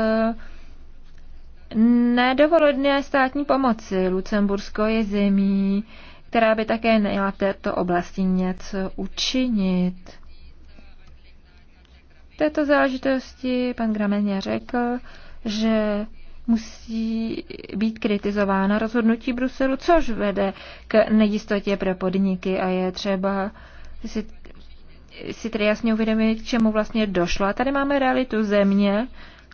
nedovolené státní pomoci. Lucembursko je zemí, která by také měla v této oblasti něco učinit. V této záležitosti pan Grameně řekl, že musí být kritizována rozhodnutí Bruselu, což vede k nejistotě pro podniky a je třeba si, si tedy jasně uvědomit, k čemu vlastně došlo. A tady máme realitu země,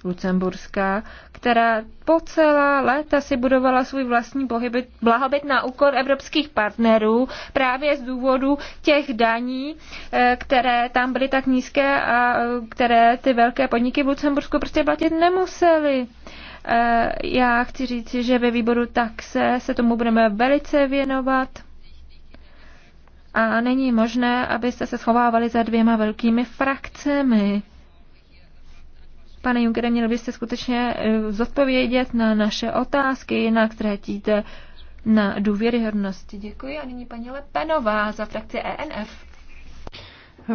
Lucemburská, která po celá léta si budovala svůj vlastní pohybit, blahobyt na úkor evropských partnerů právě z důvodu těch daní, eh, které tam byly tak nízké a eh, které ty velké podniky v Lucembursku prostě platit nemusely. Eh, já chci říct, že ve výboru taxe se tomu budeme velice věnovat. A není možné, abyste se schovávali za dvěma velkými frakcemi. Pane Junckere, měl byste skutečně eh, zodpovědět na naše otázky, jinak títe na důvěryhodnosti. Děkuji a nyní paní Lepenová za frakci ENF.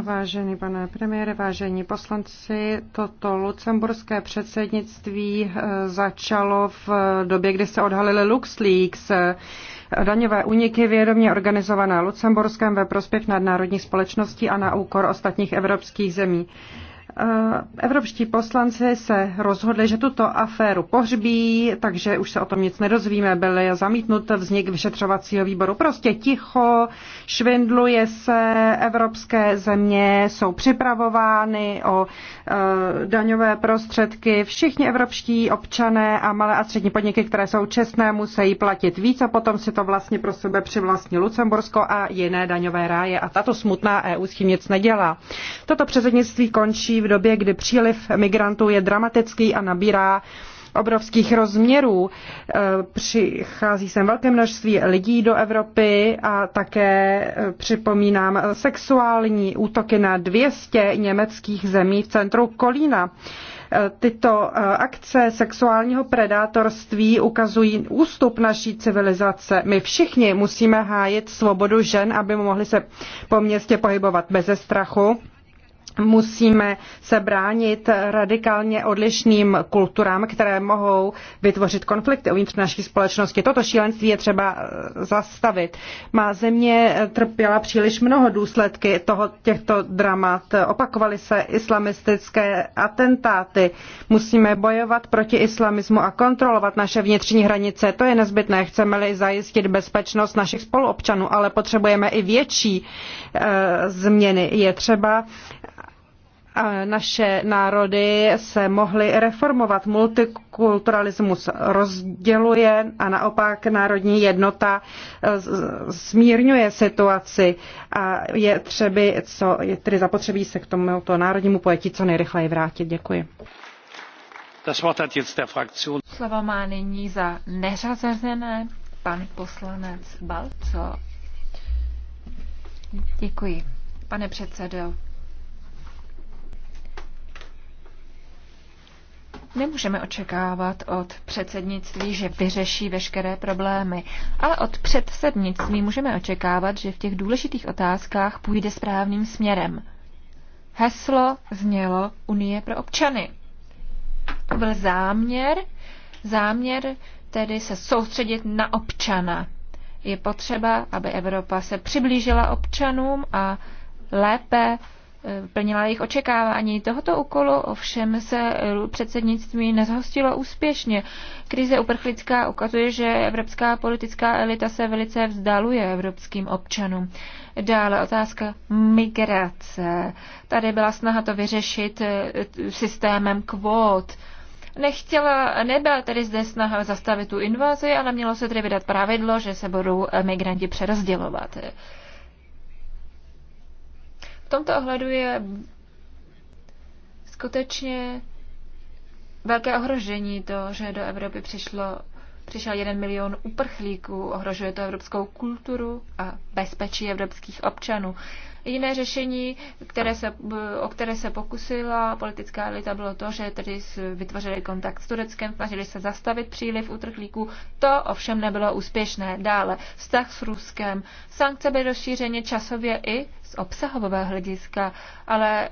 Vážený pane premiére, vážení poslanci, toto lucemburské předsednictví eh, začalo v době, kdy se odhalily LuxLeaks. Eh, daňové úniky vědomě organizované Lucemburskem ve prospěch nadnárodních společností a na úkor ostatních evropských zemí. Eh, evropští poslanci se rozhodli, že tuto aféru pohřbí, takže už se o tom nic nedozvíme. Byl zamítnut vznik vyšetřovacího výboru. Prostě ticho, švindluje se, evropské země jsou připravovány o eh, daňové prostředky. Všichni evropští občané a malé a střední podniky, které jsou čestné, musí platit víc a potom si to vlastně pro sebe přivlastní Lucembursko a jiné daňové ráje. A tato smutná EU s tím nic nedělá. Toto předsednictví končí v v době, kdy příliv migrantů je dramatický a nabírá obrovských rozměrů. E, přichází sem velké množství lidí do Evropy a také e, připomínám sexuální útoky na 200 německých zemí v centru Kolína. E, tyto akce sexuálního predátorství ukazují ústup naší civilizace. My všichni musíme hájit svobodu žen, aby mohli se po městě pohybovat beze strachu musíme se bránit radikálně odlišným kulturám, které mohou vytvořit konflikty uvnitř naší společnosti. Toto šílenství je třeba eh, zastavit. Má země trpěla příliš mnoho důsledky toho, těchto dramat. Opakovaly se islamistické atentáty. Musíme bojovat proti islamismu a kontrolovat naše vnitřní hranice. To je nezbytné. Chceme-li zajistit bezpečnost našich spoluobčanů, ale potřebujeme i větší e, změny. Je třeba naše národy se mohly reformovat. Multikulturalismus rozděluje a naopak národní jednota smírňuje eh, situaci a je třeba, co je tedy zapotřebí se k tomuto národnímu pojetí co nejrychleji vrátit. Děkuji. Slovo má nyní za neřazené pan poslanec Balco. Děkuji. Pane předsedo, Nemůžeme očekávat od předsednictví, že vyřeší veškeré problémy, ale od předsednictví můžeme očekávat, že v těch důležitých otázkách půjde správným směrem. Heslo znělo Unie pro občany. To byl záměr, záměr tedy se soustředit na občana. Je potřeba, aby Evropa se přiblížila občanům a lépe Eh, plnila jejich očekávání. Tohoto úkolu ovšem se eh, předsednictví nezhostilo úspěšně. Krize uprchlická ukazuje, že evropská politická elita se velice vzdaluje evropským občanům. Dále otázka migrace. Tady byla snaha to vyřešit eh, systémem kvót nechtěla, nebyla tedy zde snaha zastavit tu invazi, ale mělo se tedy vydat pravidlo, že se budou migranti přerozdělovat. V tomto ohledu je skutečně velké ohrožení to, že do Evropy přišlo, přišel jeden milion uprchlíků, ohrožuje to evropskou kulturu a bezpečí evropských občanů. Jiné řešení, které se, o které se pokusila politická elita, bylo to, že tedy vytvořili kontakt s Tureckem, snažili se zastavit příliv utrchlíků. To ovšem nebylo úspěšné. Dále vztah s Ruskem. Sankce byly rozšířeny časově i z obsahového hlediska, ale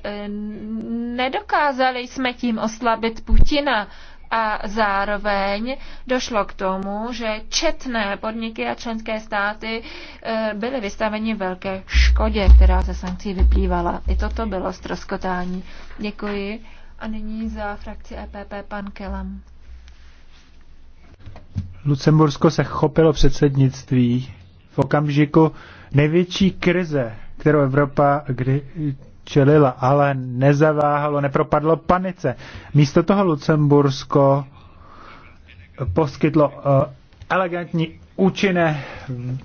nedokázali jsme tím oslabit Putina a zároveň došlo k tomu, že četné podniky a členské státy e, byly vystaveni velké škodě, která ze sankcí vyplývala. I toto bylo stroskotání. Děkuji. A nyní za frakci EPP pan Kelam. Lucembursko se chopilo předsednictví v okamžiku největší krize, kterou Evropa kdy čelila, ale nezaváhalo, nepropadlo panice. Místo toho Lucembursko poskytlo eh, elegantní účinné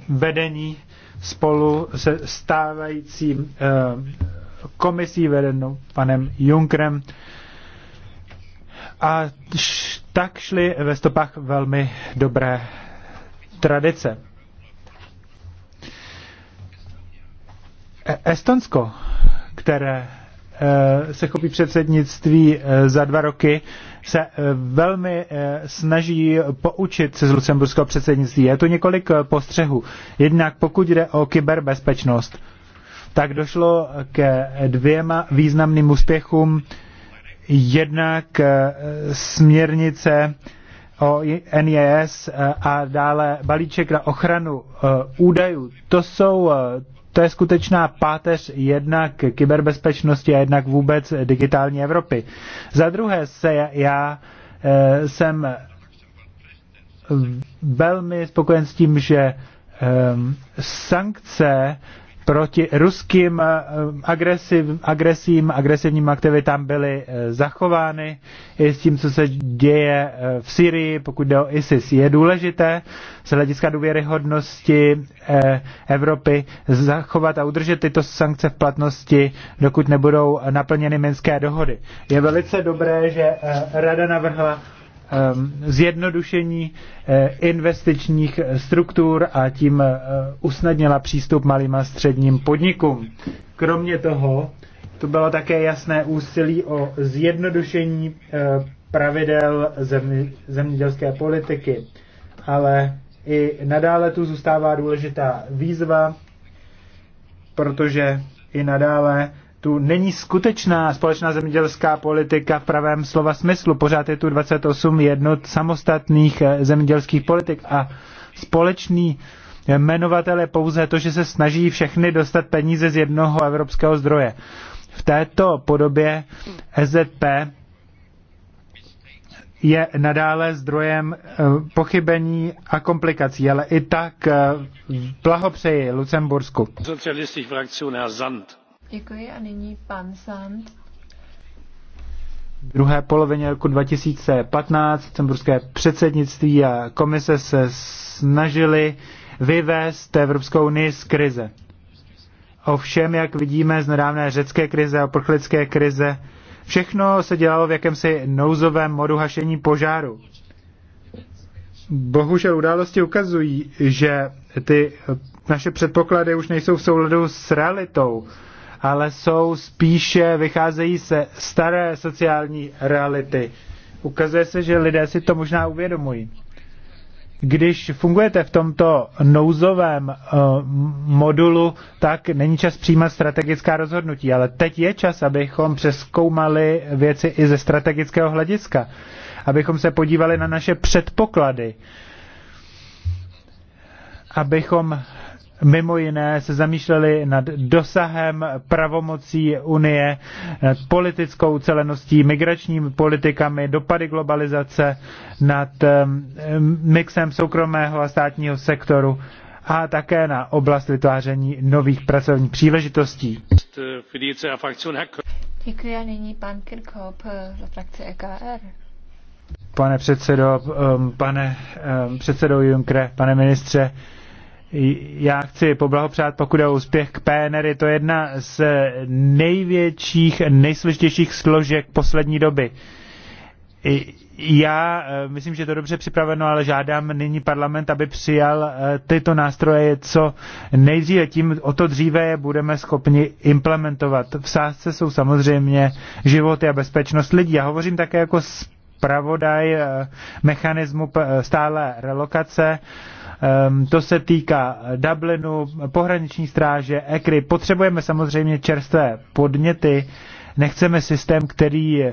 vedení spolu se stávajícím eh, komisí vedenou panem Junkrem a tak šli ve stopách velmi dobré tradice. E, Estonsko které eh, se chopí předsednictví eh, za dva roky, se eh, velmi snaží poučit se z lucemburského předsednictví. Je to několik postřehů. Jednak pokud jde o kyberbezpečnost, tak došlo ke dvěma významným úspěchům. Jednak směrnice o NIS a dále balíček na ochranu údajů. To jsou to je skutečná páteř jednak kyberbezpečnosti a jednak vůbec digitální Evropy. Za druhé se já eh, jsem velmi spokojen s tím, že ehm, sankce proti ruským eh, agresiv, agresím, agresivním aktivitám byly eh, zachovány. I s tím, co se děje eh, v Syrii, pokud jde o ISIS, je důležité z hlediska důvěryhodnosti Evropy zachovat a udržet tyto sankce v platnosti, dokud nebudou naplněny minské dohody. Je velice dobré, že Rada navrhla Ehm, zjednodušení eh, investičních struktur a tím eh, usnadnila přístup malým a středním podnikům. Kromě toho, to bylo také jasné úsilí o zjednodušení eh, pravidel zemědělské politiky, ale i nadále tu zůstává důležitá výzva, protože i nadále tu není skutečná společná zemědělská politika v pravém slova smyslu. Pořád je tu 28 jednot samostatných eh, zemědělských politik a společný eh, jmenovatel je pouze to, že se snaží všechny dostat peníze z jednoho evropského zdroje. V této podobě SZP e je nadále zdrojem eh, pochybení a komplikací, ale i tak blahopřeji Lucembursku. Socialistik frakce Herr Sand. Děkuji a nyní pan Sand. V druhé polovině roku 2015 Lucemburské předsednictví a komise se snažili vyvést Evropskou unii z krize. Ovšem, jak vidíme z nedávné řecké krize a prchlické krize, všechno se dělalo v jakémsi nouzovém modu hašení požáru. Bohužel události ukazují, že ty naše předpoklady už nejsou v souladu s realitou ale jsou spíše, vycházejí se staré sociální reality. Ukazuje se, že lidé si to možná uvědomují. Když fungujete v tomto nouzovém uh, modulu, tak není čas přijímat strategická rozhodnutí, ale teď je čas, abychom přeskoumali věci i ze strategického hlediska, abychom se podívali na naše předpoklady, abychom mimo jiné se zamýšleli nad dosahem pravomocí Unie, nad politickou celeností, migračními politikami, dopady globalizace, nad mixem soukromého a státního sektoru a také na oblast vytváření nových pracovních příležitostí. Děkuji a nyní pan Kirchhoff eh, za frakci EKR. Pane předsedo, pane předsedo Junckere, pane ministře, já chci poblahopřát, pokud je o úspěch k PNR, je to jedna z největších, nejsložitějších složek poslední doby. Já eh, myslím, že je to dobře připraveno, ale žádám nyní parlament, aby přijal eh, tyto nástroje co nejdříve. Tím o to dříve je budeme schopni implementovat. V sázce jsou samozřejmě životy a bezpečnost lidí. Já hovořím také jako zpravodaj eh, mechanismu stále relokace Ehm, to se týká Dublinu, pohraniční stráže, ECRI. Potřebujeme samozřejmě čerstvé podněty. Nechceme systém, který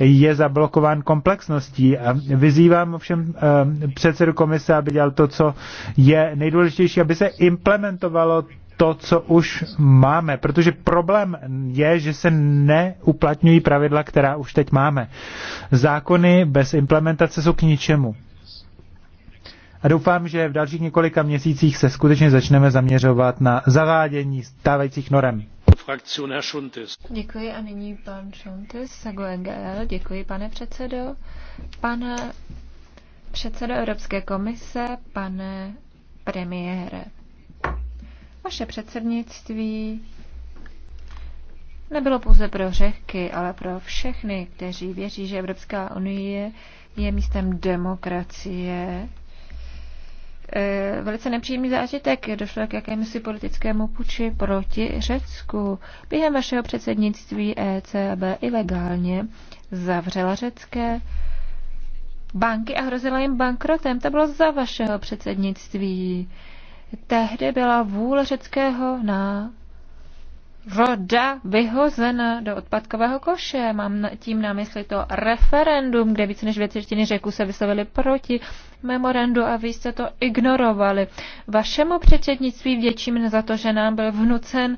je zablokován komplexností. A vyzývám ovšem ehm, předsedu komise, aby dělal to, co je nejdůležitější, aby se implementovalo to, co už máme, protože problém je, že se neuplatňují pravidla, která už teď máme. Zákony bez implementace jsou k ničemu a doufám, že v dalších několika měsících se skutečně začneme zaměřovat na zavádění stávajících norem. Děkuji a nyní pan Šuntes, Sago NGL. Děkuji, pane předsedo. Pane předsedo Evropské komise, pane premiére. Vaše předsednictví nebylo pouze pro řehky, ale pro všechny, kteří věří, že Evropská unie je místem demokracie, Eh, velice nepříjemný zážitek. Došlo k jakémusi politickému puči proti Řecku. Během vašeho předsednictví ECB ilegálně zavřela řecké banky a hrozila jim bankrotem. To bylo za vašeho předsednictví. Tehdy byla vůle řeckého na voda vyhozena do odpadkového koše. Mám tím na mysli to referendum, kde více než dvě třetiny řeků se vyslovili proti memorandu a vy jste to ignorovali. Vašemu předsednictví vděčím za to, že nám byl vnucen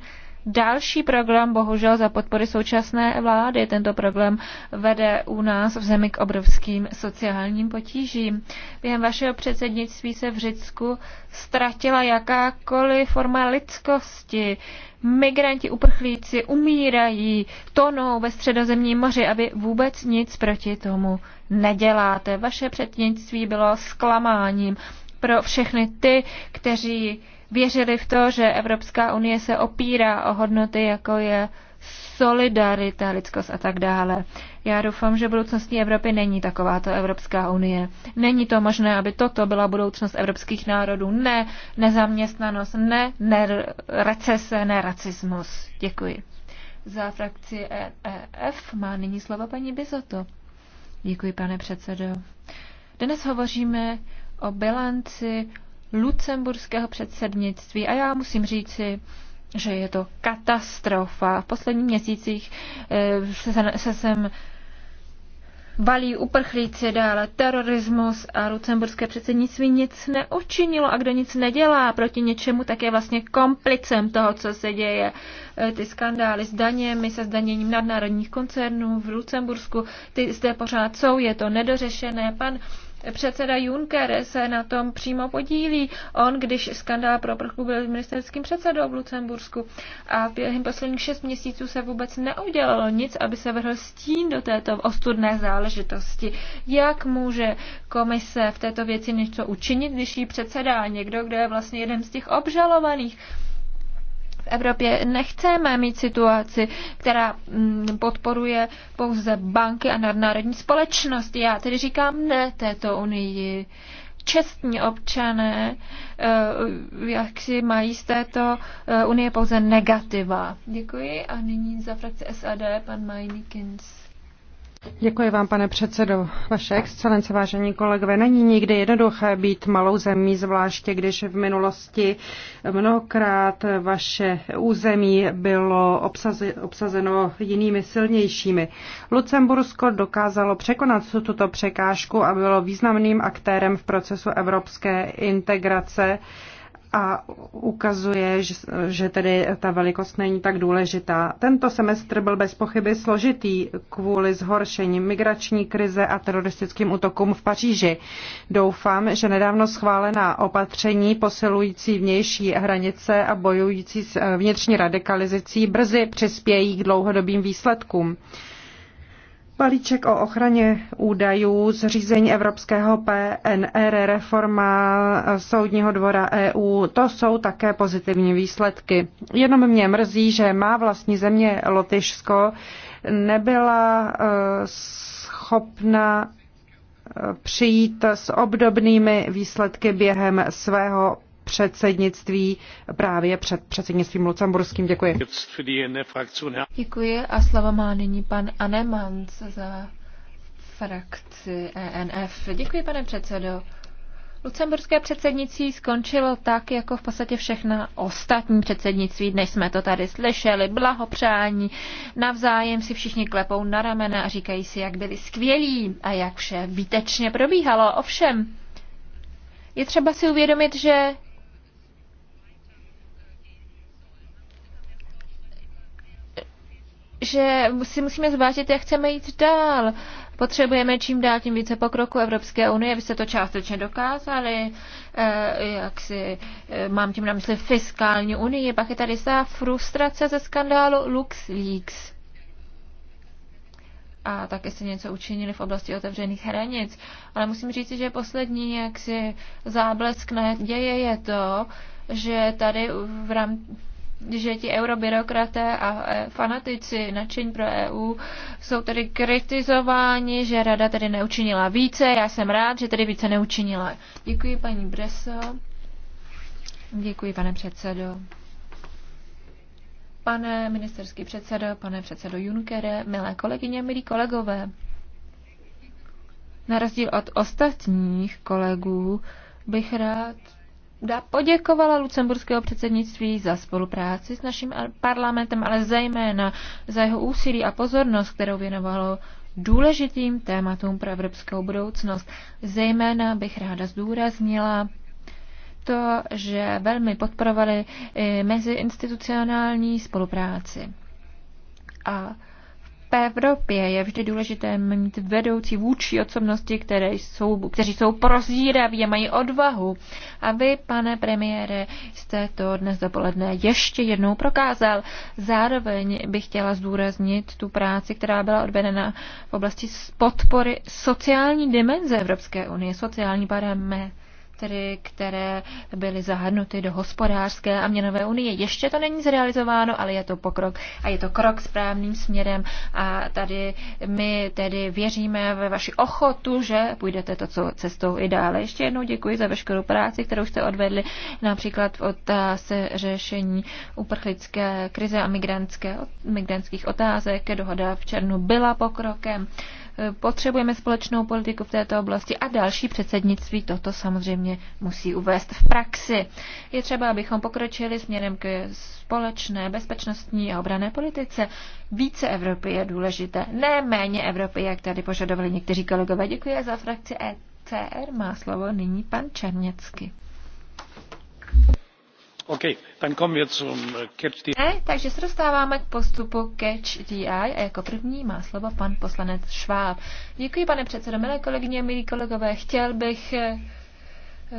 další program, bohužel za podpory současné vlády. Tento program vede u nás v zemi k obrovským sociálním potížím. Během vašeho předsednictví se v Řicku ztratila jakákoliv forma lidskosti. Migranti, uprchlíci umírají, tonou ve středozemním moři aby vůbec nic proti tomu neděláte. Vaše předsednictví bylo zklamáním pro všechny ty, kteří věřili v to, že Evropská unie se opírá o hodnoty, jako je solidarita, lidskost a tak dále. Já doufám, že budoucností Evropy není takováto Evropská unie. Není to možné, aby toto byla budoucnost evropských národů. Ne nezaměstnanost, ne, ne recese, ne racismus. Děkuji. Za frakci EF e má nyní slova paní Bizoto. Děkuji, pane předsedo. Dnes hovoříme o bilanci lucemburského předsednictví a já musím říci, že je to katastrofa. V posledních měsících eh, se, se sem valí uprchlíci dále, terorismus a lucemburské předsednictví nic neučinilo a kdo nic nedělá proti něčemu, tak je vlastně komplicem toho, co se děje. Eh, ty skandály s daněmi, se zdaněním nadnárodních koncernů v Lucembursku, ty zde pořád jsou, je to nedořešené. Pan Předseda Juncker se na tom přímo podílí. On, když skandál prchu byl ministerským předsedou v Lucembursku a během posledních šest měsíců se vůbec neudělalo nic, aby se vrhl stín do této ostudné záležitosti. Jak může komise v této věci něco učinit, když jí předsedá někdo, kdo je vlastně jeden z těch obžalovaných? Evropě nechceme mít situaci, která mm, podporuje pouze banky a nadnárodní společnosti. Já tedy říkám ne této unii čestní občané eh, jak si mají z této eh, unie pouze negativa. Děkuji a nyní za frakci SAD pan Majnikins. Děkuji vám, pane předsedo. Vaše excelence, vážení kolegové, není nikdy jednoduché být malou zemí, zvláště když v minulosti mnohokrát vaše území bylo obsazeno jinými silnějšími. Lucembursko dokázalo překonat tuto překážku a bylo významným aktérem v procesu evropské integrace a ukazuje, že tedy ta velikost není tak důležitá. Tento semestr byl bez pochyby složitý kvůli zhoršení migrační krize a teroristickým útokům v Paříži. Doufám, že nedávno schválená opatření posilující vnější hranice a bojující s vnitřní radikalizací brzy přispějí k dlouhodobým výsledkům. Balíček o ochraně údajů, zřízení evropského PNR, reforma Soudního dvora EU, to jsou také pozitivní výsledky. Jenom mě mrzí, že má vlastní země Lotyšsko nebyla eh, schopna eh, přijít s obdobnými výsledky během svého předsednictví právě před předsednictvím lucemburským. Děkuji. Děkuji a slovo má nyní pan Anemans za frakci ENF. Děkuji, pane předsedo. Lucemburské předsednictví skončilo tak, jako v podstatě všechna ostatní předsednictví, dnes jsme to tady slyšeli, blahopřání, navzájem si všichni klepou na ramena a říkají si, jak byli skvělí a jak vše výtečně probíhalo. Ovšem, je třeba si uvědomit, že že si musíme zvážit, jak chceme jít dál. Potřebujeme čím dál tím více pokroku Evropské unie. Vy jste to částečně dokázali, eh, jak si eh, mám tím na mysli fiskální unii. Pak je tady ta frustrace ze skandálu LuxLeaks. A také jste něco učinili v oblasti otevřených hranic. Ale musím říct, že poslední jaksi záblesk děje je to, že tady v rámci že ti eurobyrokraté a e, fanatici nadšení pro EU jsou tedy kritizováni, že rada tedy neučinila více. Já jsem rád, že tedy více neučinila. Děkuji paní Breso. Děkuji, pane předsedo. Pane ministerský předsedo, pane předsedo Junckere, milé kolegyně, milí kolegové. Na rozdíl od ostatních kolegů bych rád poděkovala lucemburského předsednictví za spolupráci s naším parlamentem, ale zejména za jeho úsilí a pozornost, kterou věnovalo důležitým tématům pro evropskou budoucnost. Zejména bych ráda zdůraznila to, že velmi podporovali meziinstitucionální spolupráci. A v Evropě je vždy důležité mít vedoucí vůči osobnosti, které jsou, kteří jsou prozíraví a mají odvahu. A vy, pane premiére, jste to dnes dopoledne ještě jednou prokázal. Zároveň bych chtěla zdůraznit tu práci, která byla odvedena v oblasti podpory sociální dimenze Evropské unie, sociální parametry parametry, které byly zahrnuty do hospodářské a měnové unie. Ještě to není zrealizováno, ale je to pokrok a je to krok správným směrem a tady my tedy věříme ve vaši ochotu, že půjdete to co cestou i dále. Ještě jednou děkuji za veškerou práci, kterou jste odvedli například v otázce řešení uprchlické krize a migrantské, migrantských otázek. Dohoda v Černu byla pokrokem. Potřebujeme společnou politiku v této oblasti a další předsednictví toto samozřejmě musí uvést v praxi. Je třeba, abychom pokročili směrem k společné bezpečnostní a obrané politice. Více Evropy je důležité, ne méně Evropy, jak tady požadovali někteří kolegové. Děkuji za frakci ECR. Má slovo nyní pan Černěcky. Äh, takže se dostáváme k postupu Catch DI a jako první má slovo pan poslanec Šváb. Děkuji, pane předsedo, milé kolegyně, milí kolegové. Chtěl bych uh,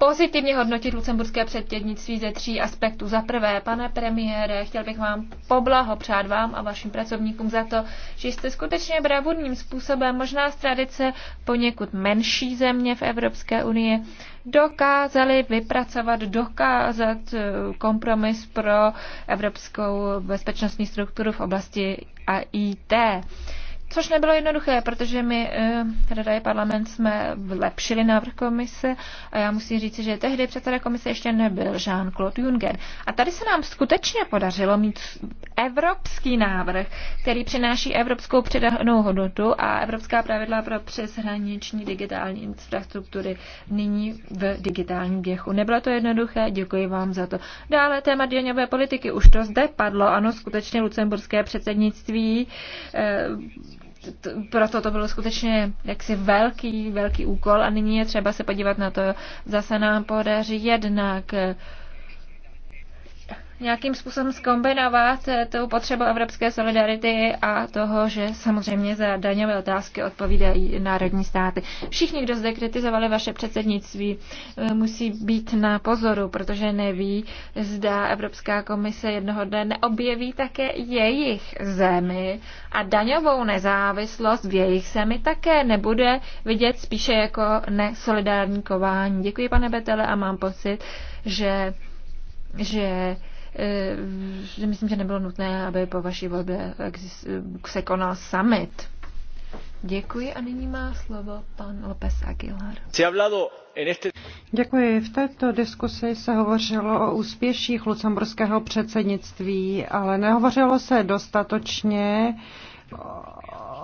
pozitivně hodnotit lucemburské předsednictví ze tří aspektů. Za prvé, pane premiére, chtěl bych vám poblahopřát vám a vašim pracovníkům za to, že jste skutečně bravurním způsobem, možná z tradice poněkud menší země v Evropské unii, dokázali vypracovat, dokázat eh, kompromis pro evropskou bezpečnostní strukturu v oblasti IT. Což nebylo jednoduché, protože my, eh, Rada i parlament, jsme vlepšili návrh komise a já musím říct, že tehdy předseda komise ještě nebyl Jean-Claude Juncker. A tady se nám skutečně podařilo mít evropský návrh, který přináší evropskou přidanou hodnotu a evropská pravidla pro přeshraniční digitální infrastruktury nyní v digitálním běhu. Nebylo to jednoduché, děkuji vám za to. Dále téma děňové politiky, už to zde padlo, ano, skutečně lucemburské předsednictví eh, proto to bylo skutečně jaksi velký, velký úkol a nyní je třeba se podívat na to, zase nám podaří jednak nějakým způsobem zkombinovat eh, tu potřebu evropské solidarity a toho, že samozřejmě za daňové otázky odpovídají národní státy. Všichni, kdo zde kritizovali vaše předsednictví, eh, musí být na pozoru, protože neví, zda Evropská komise jednoho dne neobjeví také jejich zemi a daňovou nezávislost v jejich zemi také nebude vidět spíše jako nesolidární kování. Děkuji, pane Betele, a mám pocit, že že Eh, že myslím, že nebylo nutné, aby po vaší volbě se konal summit. Děkuji a nyní má slovo pan López Aguilar. Děkuji. V této diskusi se hovořilo o úspěších lucemburského předsednictví, ale nehovořilo se dostatočně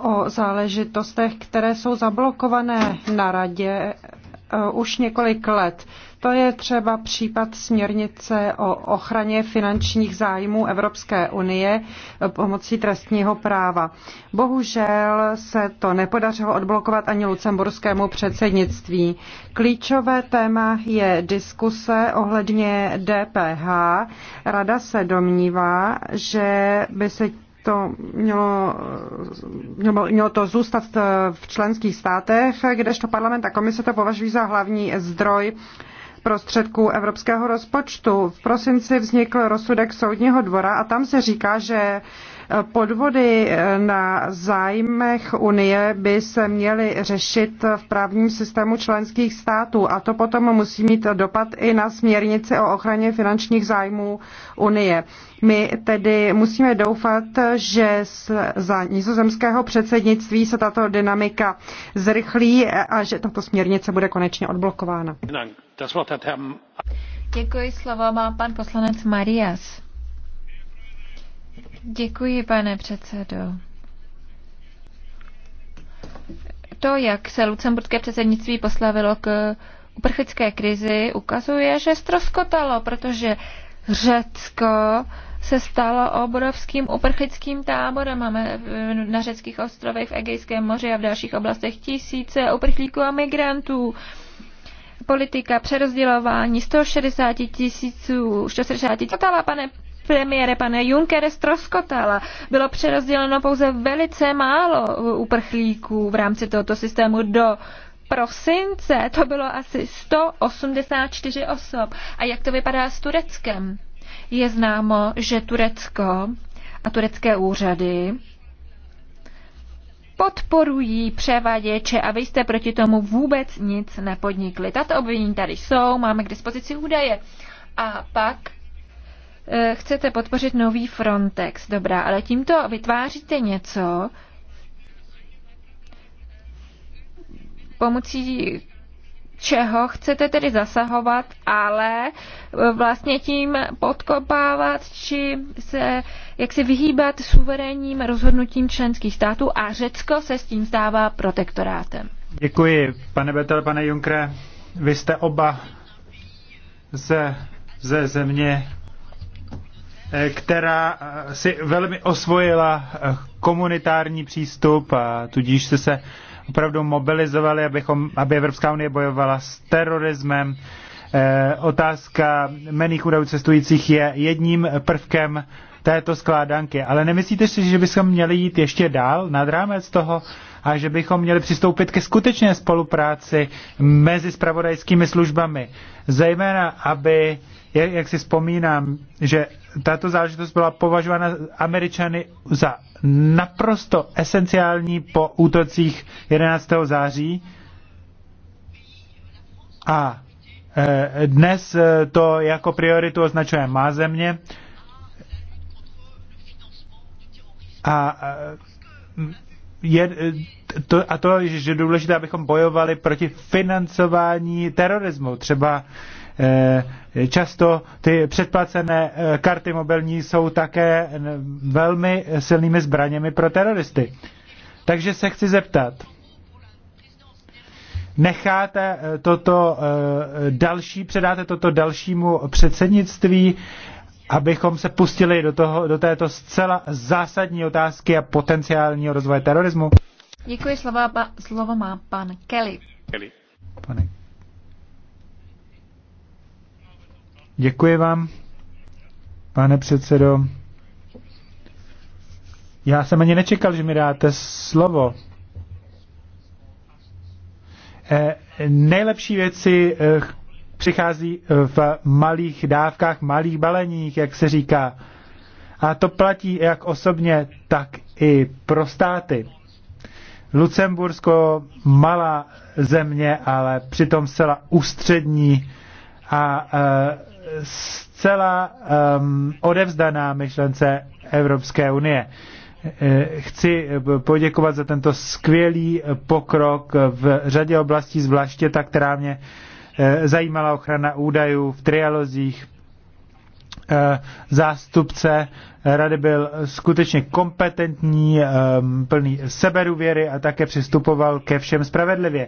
o záležitostech, které jsou zablokované na radě eh, už několik let. To je třeba případ směrnice o ochraně finančních zájmů Evropské unie pomocí trestního práva. Bohužel se to nepodařilo odblokovat ani lucemburskému předsednictví. Klíčové téma je diskuse ohledně DPH. Rada se domnívá, že by se to mělo, mělo, mělo to zůstat v členských státech, kdežto parlament a komise to považují za hlavní zdroj prostředků evropského rozpočtu. V prosinci vznikl rozsudek soudního dvora a tam se říká, že Podvody na zájmech Unie by se měly řešit v právním systému členských států a to potom musí mít dopad i na směrnici o ochraně finančních zájmů Unie. My tedy musíme doufat, že za nizozemského předsednictví se tato dynamika zrychlí a že tato směrnice bude konečně odblokována. Děkuji, slovo má pan poslanec Marias. Děkuji, pane předsedo. To, jak se lucemburské předsednictví poslavilo k uprchlické krizi, ukazuje, že stroskotalo, protože Řecko se stalo obrovským uprchlickým táborem. Máme na řeckých ostrovech, v Egejském moři a v dalších oblastech tisíce uprchlíků a migrantů politika přerozdělování 160 tisíců, 160 tisíců. pane premiére pane Junckere stroskotala. Bylo přerozděleno pouze velice málo uprchlíků v rámci tohoto systému do prosince. To bylo asi 184 osob. A jak to vypadá s Tureckem? Je známo, že Turecko a turecké úřady podporují převaděče a vy jste proti tomu vůbec nic nepodnikli. Tato obvinění tady jsou, máme k dispozici údaje. A pak Eh, chcete podpořit nový Frontex, dobrá, ale tímto vytváříte něco, pomocí čeho chcete tedy zasahovat, ale eh, vlastně tím podkopávat či se jak se vyhýbat suverénním rozhodnutím členských států a Řecko se s tím stává protektorátem. Děkuji, pane Betel, pane Junkre. Vy jste oba ze, ze země, která eh, si velmi osvojila eh, komunitární přístup a tudíž se se opravdu mobilizovali, abychom, aby Evropská unie bojovala s terorismem. Eh, otázka mených údajů cestujících je jedním prvkem této skládanky. Ale nemyslíte si, že bychom měli jít ještě dál nad rámec toho a že bychom měli přistoupit ke skutečné spolupráci mezi spravodajskými službami, zejména aby jak, jak si vzpomínám, že tato záležitost byla považována američany za naprosto esenciální po útocích 11. září a e, dnes e, to jako prioritu označuje má země a e, je to, a to, že je důležité, abychom bojovali proti financování terorismu. Třeba Eh, často ty předplacené eh, karty mobilní jsou také eh, velmi silnými zbraněmi pro teroristy. Takže se chci zeptat, necháte toto další, předáte toto dalšímu předsednictví, abychom se pustili do, toho, do této zcela zásadní otázky a potenciálního rozvoje terorismu? Děkuji, slova, slovo má pan Kelly. Kelly. Pane Děkuji vám, pane předsedo. Já jsem ani nečekal, že mi dáte slovo. E, nejlepší věci e, přichází eh, v malých dávkách, malých baleních, jak se říká. A to platí jak osobně, tak i pro státy. Lucembursko malá země, ale přitom zcela ústřední a e, zcela um, odevzdaná myšlence Evropské unie. Eh, chci eh, poděkovat za tento skvělý eh, pokrok v řadě oblastí, zvláště ta, která mě zajímala ochrana údajů v trialozích. Zástupce rady byl skutečně kompetentní, plný seberuvěry a také přistupoval ke všem spravedlivě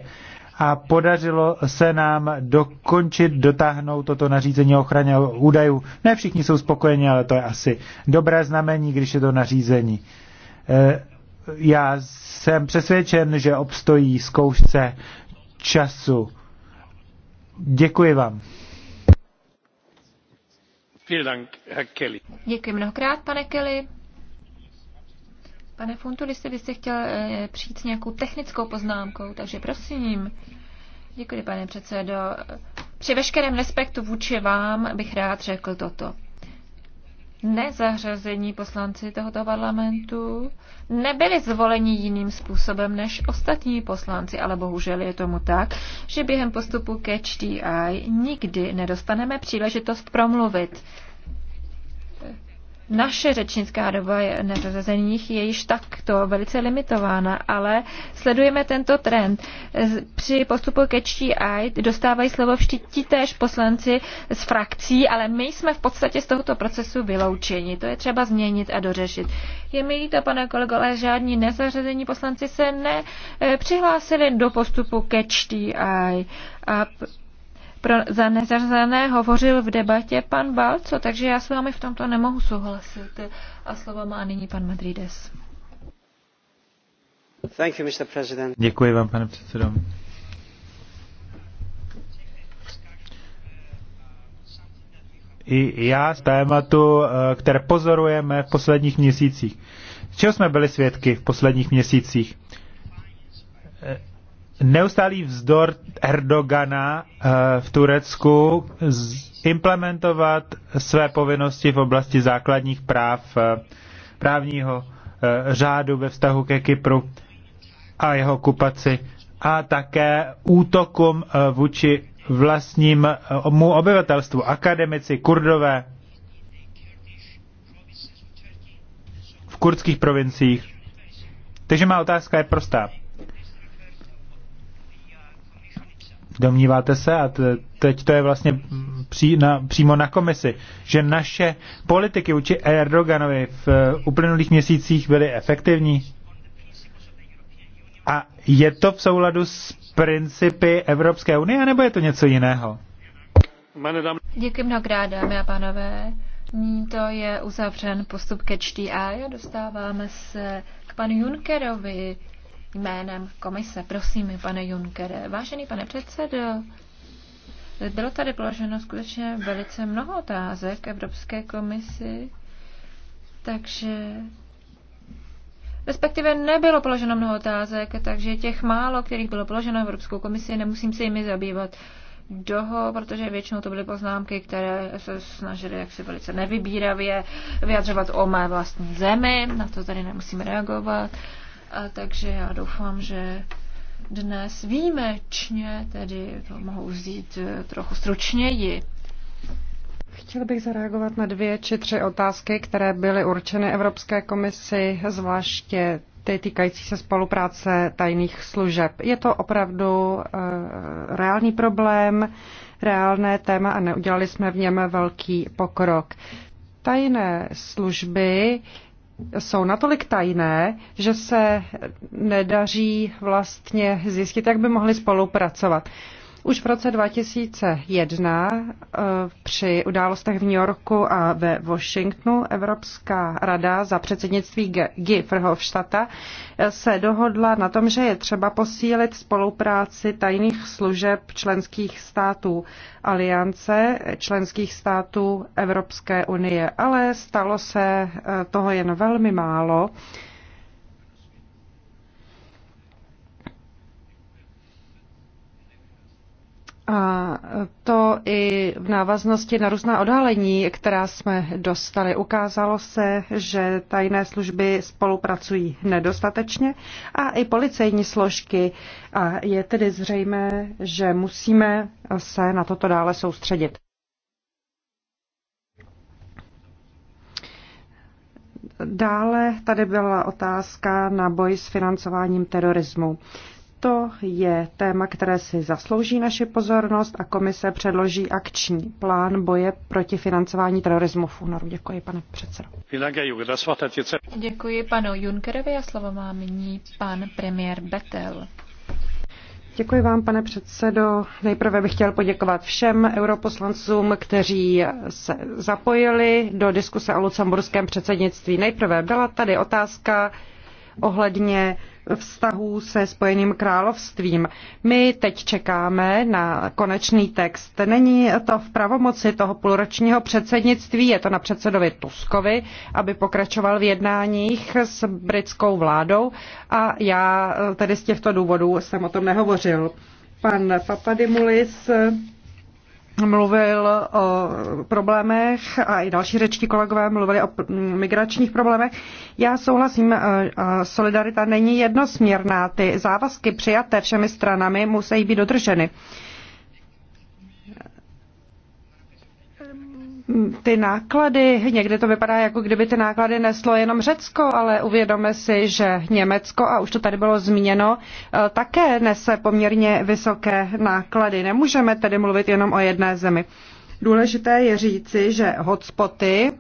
a podařilo se nám dokončit, dotáhnout toto nařízení o ochraně údajů. Ne všichni jsou spokojeni, ale to je asi dobré znamení, když je to nařízení. Eh, já jsem přesvědčen, že obstojí zkoušce času. Děkuji vám. Děkuji mnohokrát, pane Kelly. Pane Funtuli, jste byste chtěl eh, přijít s nějakou technickou poznámkou, takže prosím. Děkuji, pane předsedo. Při veškerém respektu vůči vám bych rád řekl toto. Nezařazení poslanci tohoto parlamentu nebyli zvoleni jiným způsobem než ostatní poslanci, ale bohužel je tomu tak, že během postupu ke HDI nikdy nedostaneme příležitost promluvit. Naše řečnická doba je nezazených je již takto velice limitována, ale sledujeme tento trend. Při postupu ke HDI dostávají slovo všichni též poslanci z frakcí, ale my jsme v podstatě z tohoto procesu vyloučeni. To je třeba změnit a dořešit. Je mi líto, pane kolego, ale žádní nezařazení poslanci se nepřihlásili eh, do postupu ke HDI. A pro, za nezařazené hovořil v debatě pan Balco, takže já s vámi v tomto nemohu souhlasit. A slovo má nyní pan Madrides. Thank you, Mr. President. Děkuji vám, pane předsedo. I já z tématu, eh, které pozorujeme v posledních měsících. Čeho jsme byli svědky v posledních měsících? Eh, neustálý vzdor Erdogana eh, v Turecku implementovat své povinnosti v oblasti základních práv eh, právního eh, řádu ve vztahu ke Kypru a jeho okupaci a také útokům vůči vlastnímu obyvatelstvu, akademici, kurdové v kurdských provinciích. Takže má otázka je prostá. Domníváte se, a teď to je vlastně pří, na, přímo na komisi, že naše politiky vůči Erdoganovi v eh, uplynulých měsících byly efektivní? A je to v souladu s principy Evropské unie, nebo je to něco jiného? Děkuji mnohokrát, dámy a pánové. Nyní to je uzavřen postup ke čtí a dostáváme se k panu Junkerovi jménem komise. Prosím, pane Juncker. Vážený pane předsedo, bylo tady položeno skutečně velice mnoho otázek Evropské komisi, takže Respektive nebylo položeno mnoho otázek, takže těch málo, kterých bylo položeno Evropskou komisi, nemusím se jimi zabývat doho, protože většinou to byly poznámky, které se snažily jaksi velice nevybíravě vyjadřovat o mé vlastní zemi, na to tady nemusím reagovat. Uh, a takže já doufám, že dnes výjimečně, tedy to mohu vzít eh, trochu stručněji. Chtěl bych zareagovat na dvě či tři otázky, které byly určeny Evropské komisi, zvláště ty týkající se spolupráce tajných služeb. Je to opravdu uh, reálný problém, reálné téma a neudělali jsme v něm velký pokrok. Tajné služby uh, jsou natolik tajné, že se nedaří vlastně zjistit, jak by mohli spolupracovat. Už v roce 2001 eh, při událostech v New Yorku a ve Washingtonu Evropská rada za předsednictví Guy Verhofstadta eh, se dohodla na tom, že je třeba posílit spolupráci tajných služeb členských států aliance, členských států Evropské unie. Ale stalo se eh, toho jen velmi málo. A to i v návaznosti na různá odhalení, která jsme dostali. Ukázalo se, že tajné služby spolupracují nedostatečně a i policejní složky. A je tedy zřejmé, že musíme se na toto dále soustředit. Dále tady byla otázka na boj s financováním terorismu. To je téma, které si zaslouží naši pozornost a komise předloží akční plán boje proti financování terorismu v únoru. Děkuji, pane předsedo. Děkuji panu Junkerovi a slovo má nyní pan premiér Betel. Děkuji vám, pane předsedo. Nejprve bych chtěl poděkovat všem europoslancům, kteří se zapojili do diskuse o lucemburském předsednictví. Nejprve byla tady otázka ohledně vztahů se Spojeným královstvím. My teď čekáme na konečný text. Není to v pravomoci toho půlročního předsednictví, je to na předsedovi Tuskovi, aby pokračoval v jednáních s britskou vládou a já eh, tedy z těchto důvodů jsem o tom nehovořil. Pan Papadimulis mluvil o problémech a i další řečky kolegové mluvili o migračních problémech. Já souhlasím, e, e, solidarita není jednosměrná. Ty závazky přijaté všemi stranami musí být dodrženy. ty náklady, někdy to vypadá jako kdyby ty náklady neslo jenom Řecko, ale uvědome si, že Německo, a už to tady bylo zmíněno, eh, také nese poměrně vysoké náklady. Nemůžeme tedy mluvit jenom o jedné zemi. Důležité je říci, že hotspoty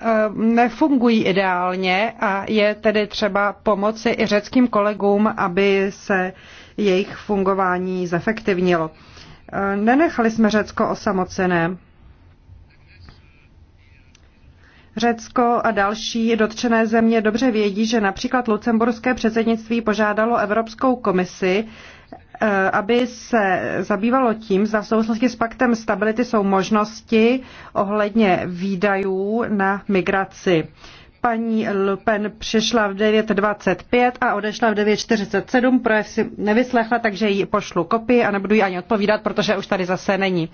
eh, nefungují ideálně a je tedy třeba pomoci i řeckým kolegům, aby se jejich fungování zefektivnilo. Eh, nenechali jsme Řecko osamocené Řecko a další dotčené země dobře vědí, že například lucemburské předsednictví požádalo Evropskou komisi, eh, aby se zabývalo tím, zda v souvislosti s paktem stability jsou možnosti ohledně výdajů na migraci paní Le Pen přišla v 9.25 a odešla v 9.47. Projev si nevyslechla, takže ji pošlu kopii a nebudu ji ani odpovídat, protože už tady zase není.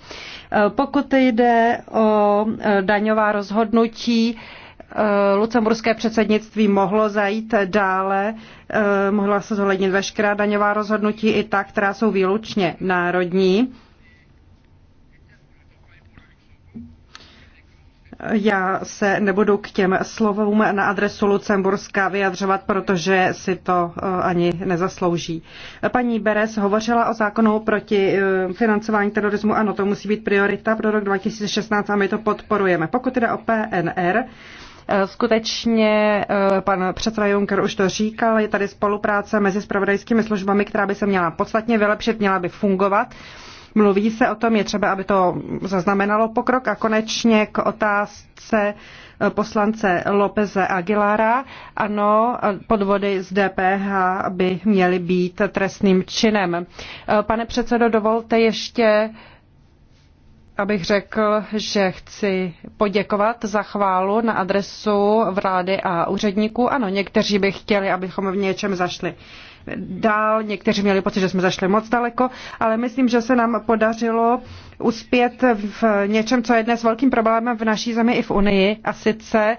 E, pokud jde o e, daňová rozhodnutí, e, lucemburské předsednictví mohlo zajít dále, mohla se zohlednit veškerá daňová rozhodnutí i ta, která jsou výlučně národní Já se nebudu k těm slovům na adresu Lucemburska vyjadřovat, protože si to eh, ani nezaslouží. Paní Beres hovořila o zákonu proti eh, financování terorismu. Ano, to musí být priorita pro rok 2016 a my to podporujeme. Pokud jde o PNR, eh, Skutečně pan předseda Juncker už to říkal, je tady spolupráce mezi spravodajskými službami, která by se měla podstatně vylepšit, měla by fungovat. Mluví se o tom, je třeba, aby to zaznamenalo pokrok. A konečně k otázce eh, poslance Lópeze Aguilara. Ano, podvody z DPH by měly být trestným činem. Eh, pane předsedo, dovolte ještě abych řekl, že chci poděkovat za chválu na adresu vlády a úředníků. Ano, někteří by chtěli, abychom v něčem zašli dál, někteří měli pocit, že jsme zašli moc daleko, ale myslím, že se nám podařilo uspět v něčem, co je dnes velkým problémem v naší zemi i v Unii, a sice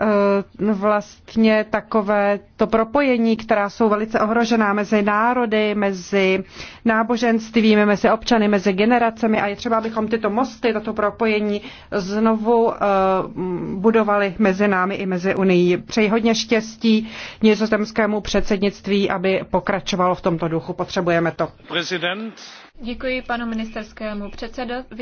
Eh, vlastně takové to propojení, která jsou velice ohrožená mezi národy, mezi náboženstvími, mezi občany, mezi generacemi a je třeba, abychom tyto mosty, toto propojení znovu eh, budovali mezi námi i mezi Unii. Přeji hodně štěstí nizozemskému předsednictví, aby pokračovalo v tomto duchu. Potřebujeme to. Prezident. Děkuji panu ministerskému předsedovi.